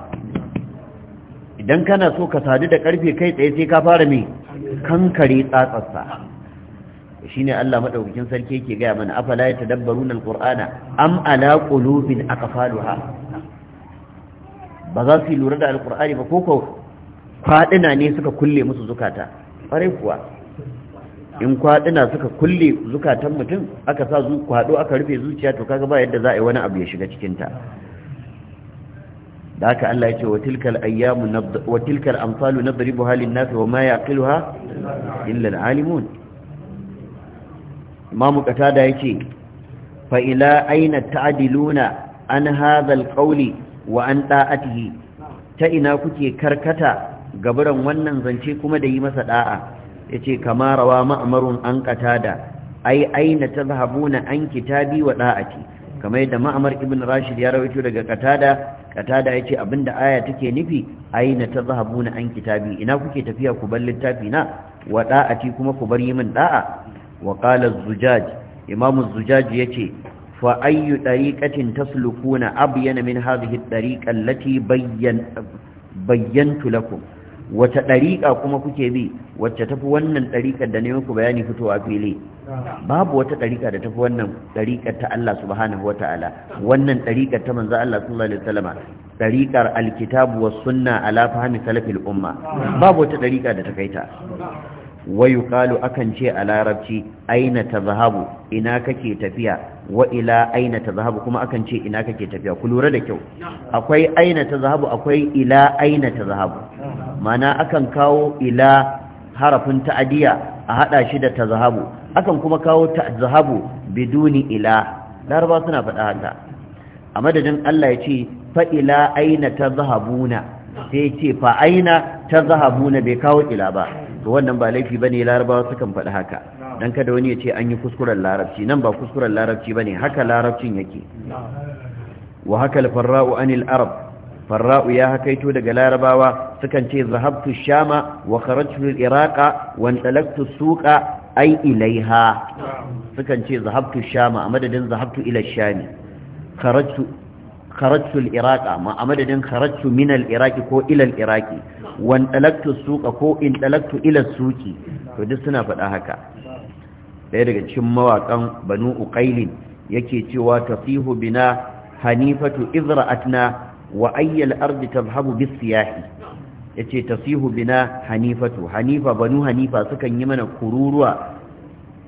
Speaker 1: idan kana so ka sadu da ƙarfe kai tsaye sai ka fara mai kankare tsatsarsa shi ne Allah maɗaukakin sarki yake gaya mana afala ya tadabbaru na alƙur'ana am ala ƙulubin aka faluha ba za su yi lura da alƙur'ani ba ko faɗina ne suka kulle musu zukata ƙwarai kuwa in kwaduna suka kulle zukatan mutum aka sa zu kwaɗo aka rufe zuciya to kaga ba yadda za a yi wani abu ya shiga cikinta da haka Allah ya ce wa tilkal ayyamu wa tilkal amsalu nadribu halin nas wa ma yaqiluha illa alalimun imamu qatada yake fa ila aina ta'diluna an hadha alqawli wa an ta'atihi ta ina kuke karkata gabaran wannan zance kuma da yi masa da'a yace kama rawa ma'marun an qatada ai aina tadhhabuna an kitabi wa da'ati kamar yadda ma'mar ibn rashid ya rawaito daga katada qatada yace abinda aya take nufi aina tadhhabuna an kitabi ina kuke tafiya ku bar littafi na wa da'ati kuma ku bar min da'a wa qala az-zujaj imam az-zujaj yace fa ayyu tariqatin taslukuna abyana min hadhihi at-tariqa allati bayyan bayyantu lakum wata ɗariƙa kuma kuke bi wacce tafi wannan ɗariƙar da ne muku bayani fitowa fili babu wata ɗariƙa da tafi wannan ɗariƙar ta Allah subhanahu wa ta'ala wannan ɗariƙar ta manzo Allah sallallahu alaihi wasallam ɗariƙar alkitabu was sunna ala fahmi salafil umma babu wata ɗariƙa da ta kai ta wa yuqalu akan ce a larabci aina tazhabu ina kake tafiya wa ila aina zahabu kuma akan ce ina kake tafiya ku lura da kyau akwai aina zahabu akwai ila aina zahabu mana akan kawo ila harafin ta'adiya a hada shi da zahabu akan kuma kawo zahabu biduni ila laraba suna faɗa haka a madadin Allah ya ce fa ila aina zahabuna sai ce fa aina zahabuna bai kawo ila ba to wannan ba laifi bane larabawa sukan faɗi haka dan kada wani ya ce an yi kuskuren larabci nan ba kuskuren larabci ba ne haka larabcin yake wa haka al anil arab farra'u ya hakaito daga larabawa sukan ce zahabtu shama wa kharajtu al-iraqa wa intalaqtu suqa ai ilaiha sukan ce zahabtu shama a madadin zahabtu ila shami kharajtu kharajtu al-iraqa ma a madadin kharajtu min al-iraqi ko ila al-iraqi wa intalaqtu suqa ko intalaqtu ila suqi to duk suna faɗa haka ɗaya daga cikin mawaƙan banu uƙailin yake cewa tasihu bina hanifatu izra'atna wa ayyal ardi tazhabu bis siyahi yace tasihu bina hanifatu hanifa banu hanifa sukan yi mana kururuwa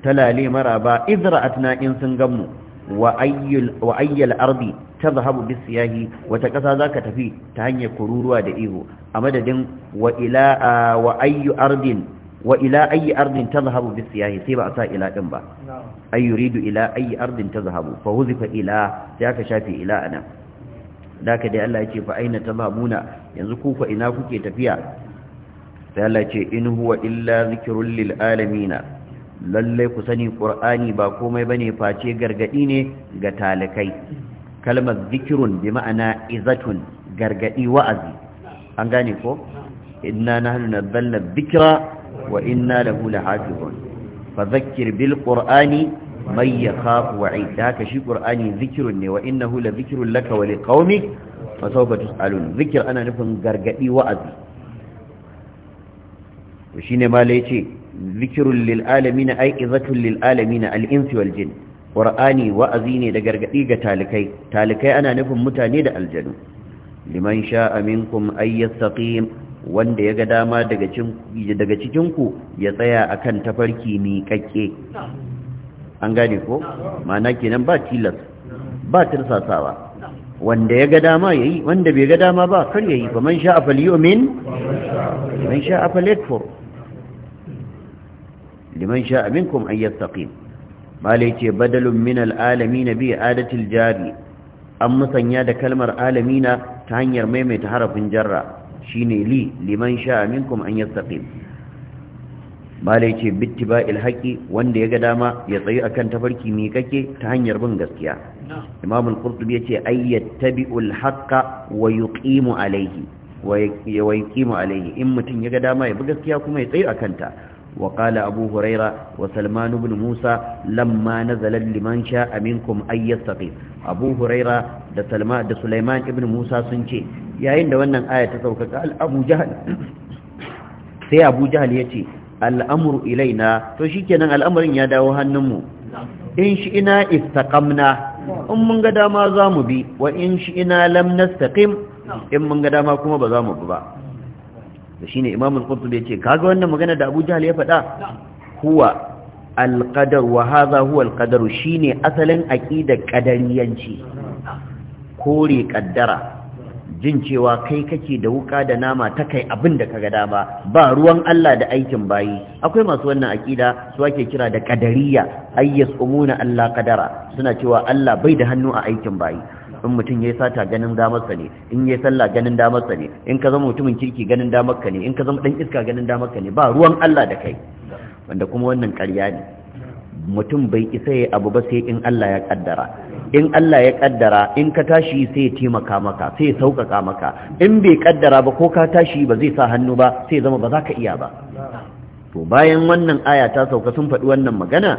Speaker 1: talale maraba izra'atna in sun gamu wa ayyul wa ayyal ardi tazhabu bis siyahi wata kasa zaka tafi ta hanyar kururuwa da ihu a madadin wa ila wa ayyu ardin wa ila ayi ardin tazhabu bis siyahi sai ba a sa ila din ba ay yuridu ila ayi ardin tazhabu fa huzifa ila sai aka shafi ila ana daka dai Allah ya fa aina tazhabuna yanzu ku fa ina kuke tafiya sai Allah ya ce in huwa illa zikrul lil alamin lalle ku sani qur'ani ba komai bane face gargadi ne ga talikai kalmar zikrun bi ma'ana izatun gargadi wa'azi an gane ko inna nahnu nazzalna dhikra wa inna lahu lahafizun fadhakkir bil qur'ani may yakhafu wa'id haka shi qur'ani zikrun ne wa innahu la zikrun laka wa liqaumik fa sawfa tus'alun zikr ana nufin gargadi wa'azi to shine ma la yace zikrun lil alamin ay izatun lil alamin al insi wa'azi ne da gargaɗi ga talikai talikai ana nufin mutane da aljanu liman sha'a minkum ayyastaqim wanda ya ga dama daga cikinku ya tsaya a kan tafarki kakke an gane ko Mana kenan ba tilas ba tirsasawa wanda ya ga dama ya yi wanda bai ga dama ba kar ya yi ba man sha'a falyumin man sha'a falyakfur liman a minkum an yastaqim malai ce badalun min na biya adatil jari an musanya da kalmar alamina ta hanyar maimaita harafin jarra shine li liman sha'a minkum an yastaqim malai bitti ba haqi wanda ya ga dama ya a akan tafarki mi kake ta hanyar bin gaskiya imam al-qurtubi yace ay yattabi'ul haqqa wa wa in mutum ya ga dama ya bi gaskiya kuma ya tsayi akan ta وقال wa هريرة وسلمان بن موسى لما نزل لمن شاء منكم أن يستقيم أبو Abu-Huraira da ده سليمان Musa sun ce. yayin da wannan aya ta saukaka al'abu jahal sai abu jahal ya ce Al'amur ilaina to shi kenan al'amarin ya dawo hannunmu in shi ina istakamna in mun ga dama za mu bi wa in shi ina lam nastaqim in mun ga dama kuma ba za mu bi ba da shine Imam al-qurtubi ce kaga wannan magana da Abu jahal ya faɗa huwa al-qadar wa hadha huwa al-qadar shine asalin aqidar qadariyanci kore kaddara jin cewa kai kake da wuka da nama ta kai abin da kaga dama ba ruwan Allah da aikin bayi akwai masu wannan akida su ake kira da qadariyya ayyas umuna Allah qadara suna cewa Allah bai da hannu a aikin bayi in mutum ya sata ganin damarsa ne in ya sallah ganin damarsa ne in ka zama mutumin kirki ganin damarka ne in ka zama dan iska ganin damarka ne ba ruwan Allah da kai wanda kuma wannan ƙarya ne mutum bai isa ya abu ba sai in Allah ya kaddara in Allah ya kaddara in ka tashi sai ya taimaka maka sai ya sauƙaƙa maka in bai kaddara ba ko ka tashi ba zai sa hannu ba sai zama ba za ka iya ba to bayan wannan aya ta sauka sun faɗi wannan magana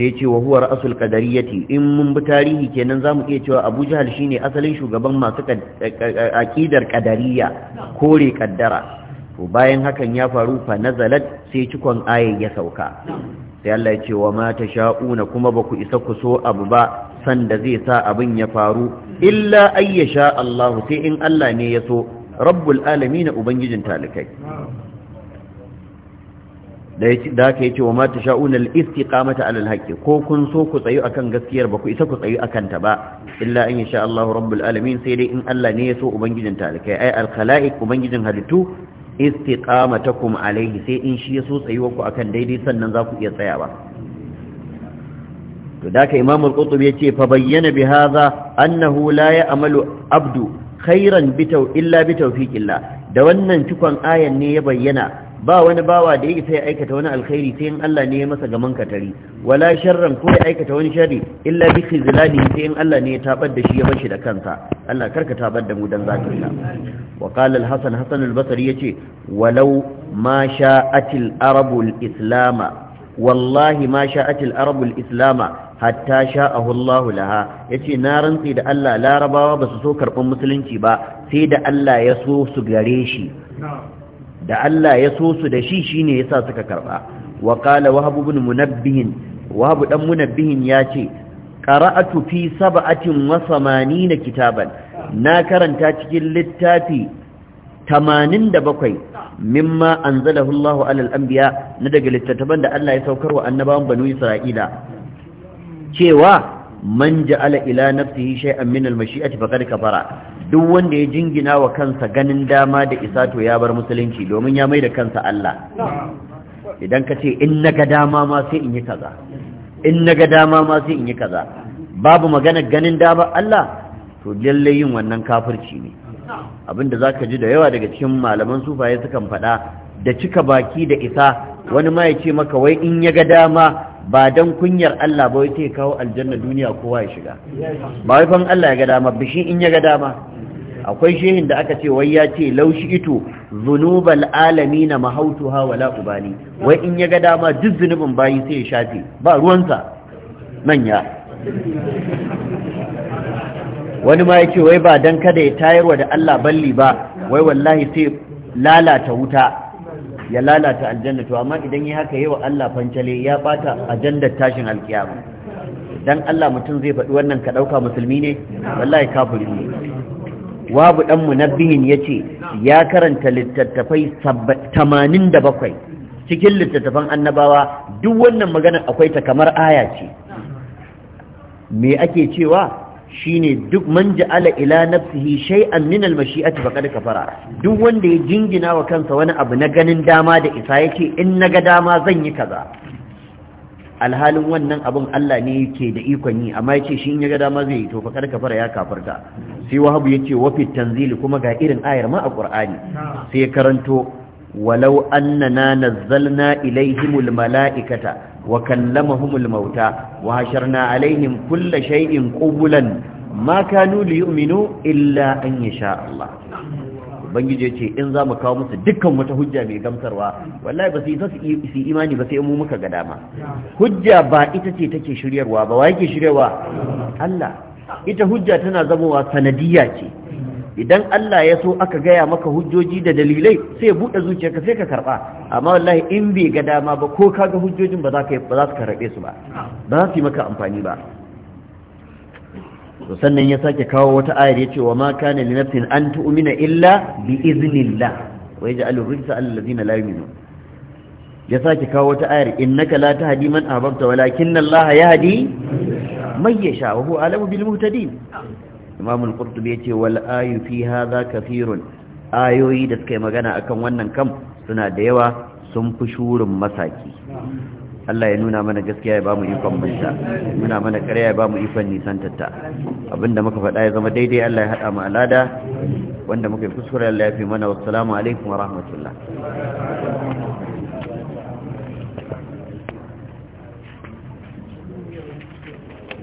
Speaker 1: sai ce wa huwa ya qadariyati in mun bi tarihi kenan mu iya cewa Abu shi ne asalin shugaban masu eh, eh, eh, aƙidar ƙadariya. kore kaddara to bayan hakan ya faru fa nazalat sai cikon ayayya ya sauka sai Allah ya ce wa mata sha'una kuma ba ku isa ku so abu ba sanda zai sa abin ya faru illa ayya sha, Allah sai in Allah ne ya so rabbul alamin ubangijin talikai da haka yi ce wa mata sha'una, sha'unar istiqamata alal haƙƙi ko kun so ku tsayu akan gaskiyar ba ku isa ku tsayu akan ta ba illa in sha Allah rabbul alamin sai dai in Allah ne ya so ubangijin talikai ai al khalaik ubangijin halittu istiqamatakum alaihi sai in shi ya so ku akan daidai sannan za ku iya ba. to da ka imamu al-qutub yace fa bayyana bi hadha annahu la ya'malu abdu khairan bi illa bi tawfiqillah da wannan cikon ayan ne ya bayyana ba wani bawa da yake sai aikata wani alkhairi sai in Allah ne ya masa gaman katari wala sharran ko ya aikata wani shari illa bi khizlani sai in Allah ne ya tabar da shi ya bashi da kansa Allah karka tabar da mu dan zakinka wa qala al-hasan hasan al-basri yace walau ma sha'atil arabul islama wallahi ma sha'atil arabul islama hatta sha'ahu Allah laha yace na rantsi da Allah larabawa basu so karban musulunci ba sai da Allah ya so su gare shi da Allah ya so su da shi shine yasa suka karba wa qala wahab ibn munabbih wahab dan munabbih ya ce qara'atu fi sab'atin wa 80 kitaban na karanta cikin littafi 87 mimma anzalahu Allah ala al-anbiya na daga littattafan da Allah ya saukar wa annabawan banu Isra'ila cewa man ja'ala ila nafsihi shay'an min al-mashi'ati faqad kafara duk wanda ya jingina wa kansa ganin dama da isa to ya bar musulunci domin ya mai da kansa Allah idan ka ce in na dama ma sai in yi kaza in na dama ma sai in yi kaza babu magana ganin dama Allah to lallai yin wannan kafirci ne abinda zaka ji da yawa daga cikin malaman sufaye sukan faɗa da cika baki da isa wani ma ya ce maka wai in ya ga dama ba don kunyar Allah ba wai sai kawo aljanna duniya kowa ya shiga ba wai fan Allah ya ga dama bishin in ya ga dama akwai shehin da aka ce wai ya ce laushi ito zunubal alami na mahautuha wala ubali wai in ya ga dama duk zunubin bayi sai ya shafe ba ruwansa manya wani ma ya ce wai ba don kada ya tayar wa da Allah balli ba wai wallahi sai lalata wuta ya lalata aljanna to amma idan yi haka yawa Allah fancale ya bata ajandar tashin alkiyama dan Allah mutum zai faɗi wannan ka ɗauka musulmi ne wallahi kafiri ne wabu dan munabbihin yace ya karanta littattafai 87 cikin littattafan annabawa duk wannan maganar akwai ta kamar aya ce me ake cewa shine duk man ja'ala ila nafsihi shay'an min al-mashi'ati faqad kafara duk wanda ya jingina wa kansa wani abu na ganin dama da isa yace in naga dama zan yi kaza alhalin wannan abin Allah ne yake da ikon yi amma yace shi in ya ga dama zai yi to fa kar kafara ya kafarta sai wahabu yace wa fit tanzili kuma ga irin ayar ma a qur'ani sai karanto walau annana nazzalna ilaihimul malaikata wa kallamahumul mauta wa hasharna alaihim kulle shay'in qubulan ma kanu liyu'minu illa an yasha Allah bangiji ce in za mu kawo musu dukkan wata hujja mai gamsarwa wallahi ba su yi imani ba sai mu muka ga dama hujja ba ita ce take shiryarwa ba wa yake shiryarwa Allah ita hujja tana zamowa sanadiyya ce idan Allah ya so aka gaya maka hujjoji da dalilai sai ya buɗe zuciyarka sai ka karɓa amma wallahi in bai ga dama ba ko kaga hujjojin ba za ka ba za su karɓe su ba ba za su yi maka amfani ba to sannan ya sake kawo wata ayar yace wa ma kana li nafsin an tu'mina illa bi iznillah wa yaj'alu rijsa alladhina la yu'minun ya sake kawo wata ayar innaka la tahdi man ahbabta walakinna Allah yahdi man yasha wa huwa alamu bil muhtadin Imam al-Qurtubi yace wal ayu fi hadha kathirun ayoyi da suka yi magana akan wannan kam suna da yawa sun fi shurin masaki Allah ya nuna mana gaskiya ya bamu ikon banta nuna mana ƙarya ya bamu ikon nisan tatta abinda muka faɗa ya zama daidai Allah ya haɗa mu alada wanda muka yi kuskure Allah ya fi mana wassalamu alaikum wa rahmatullah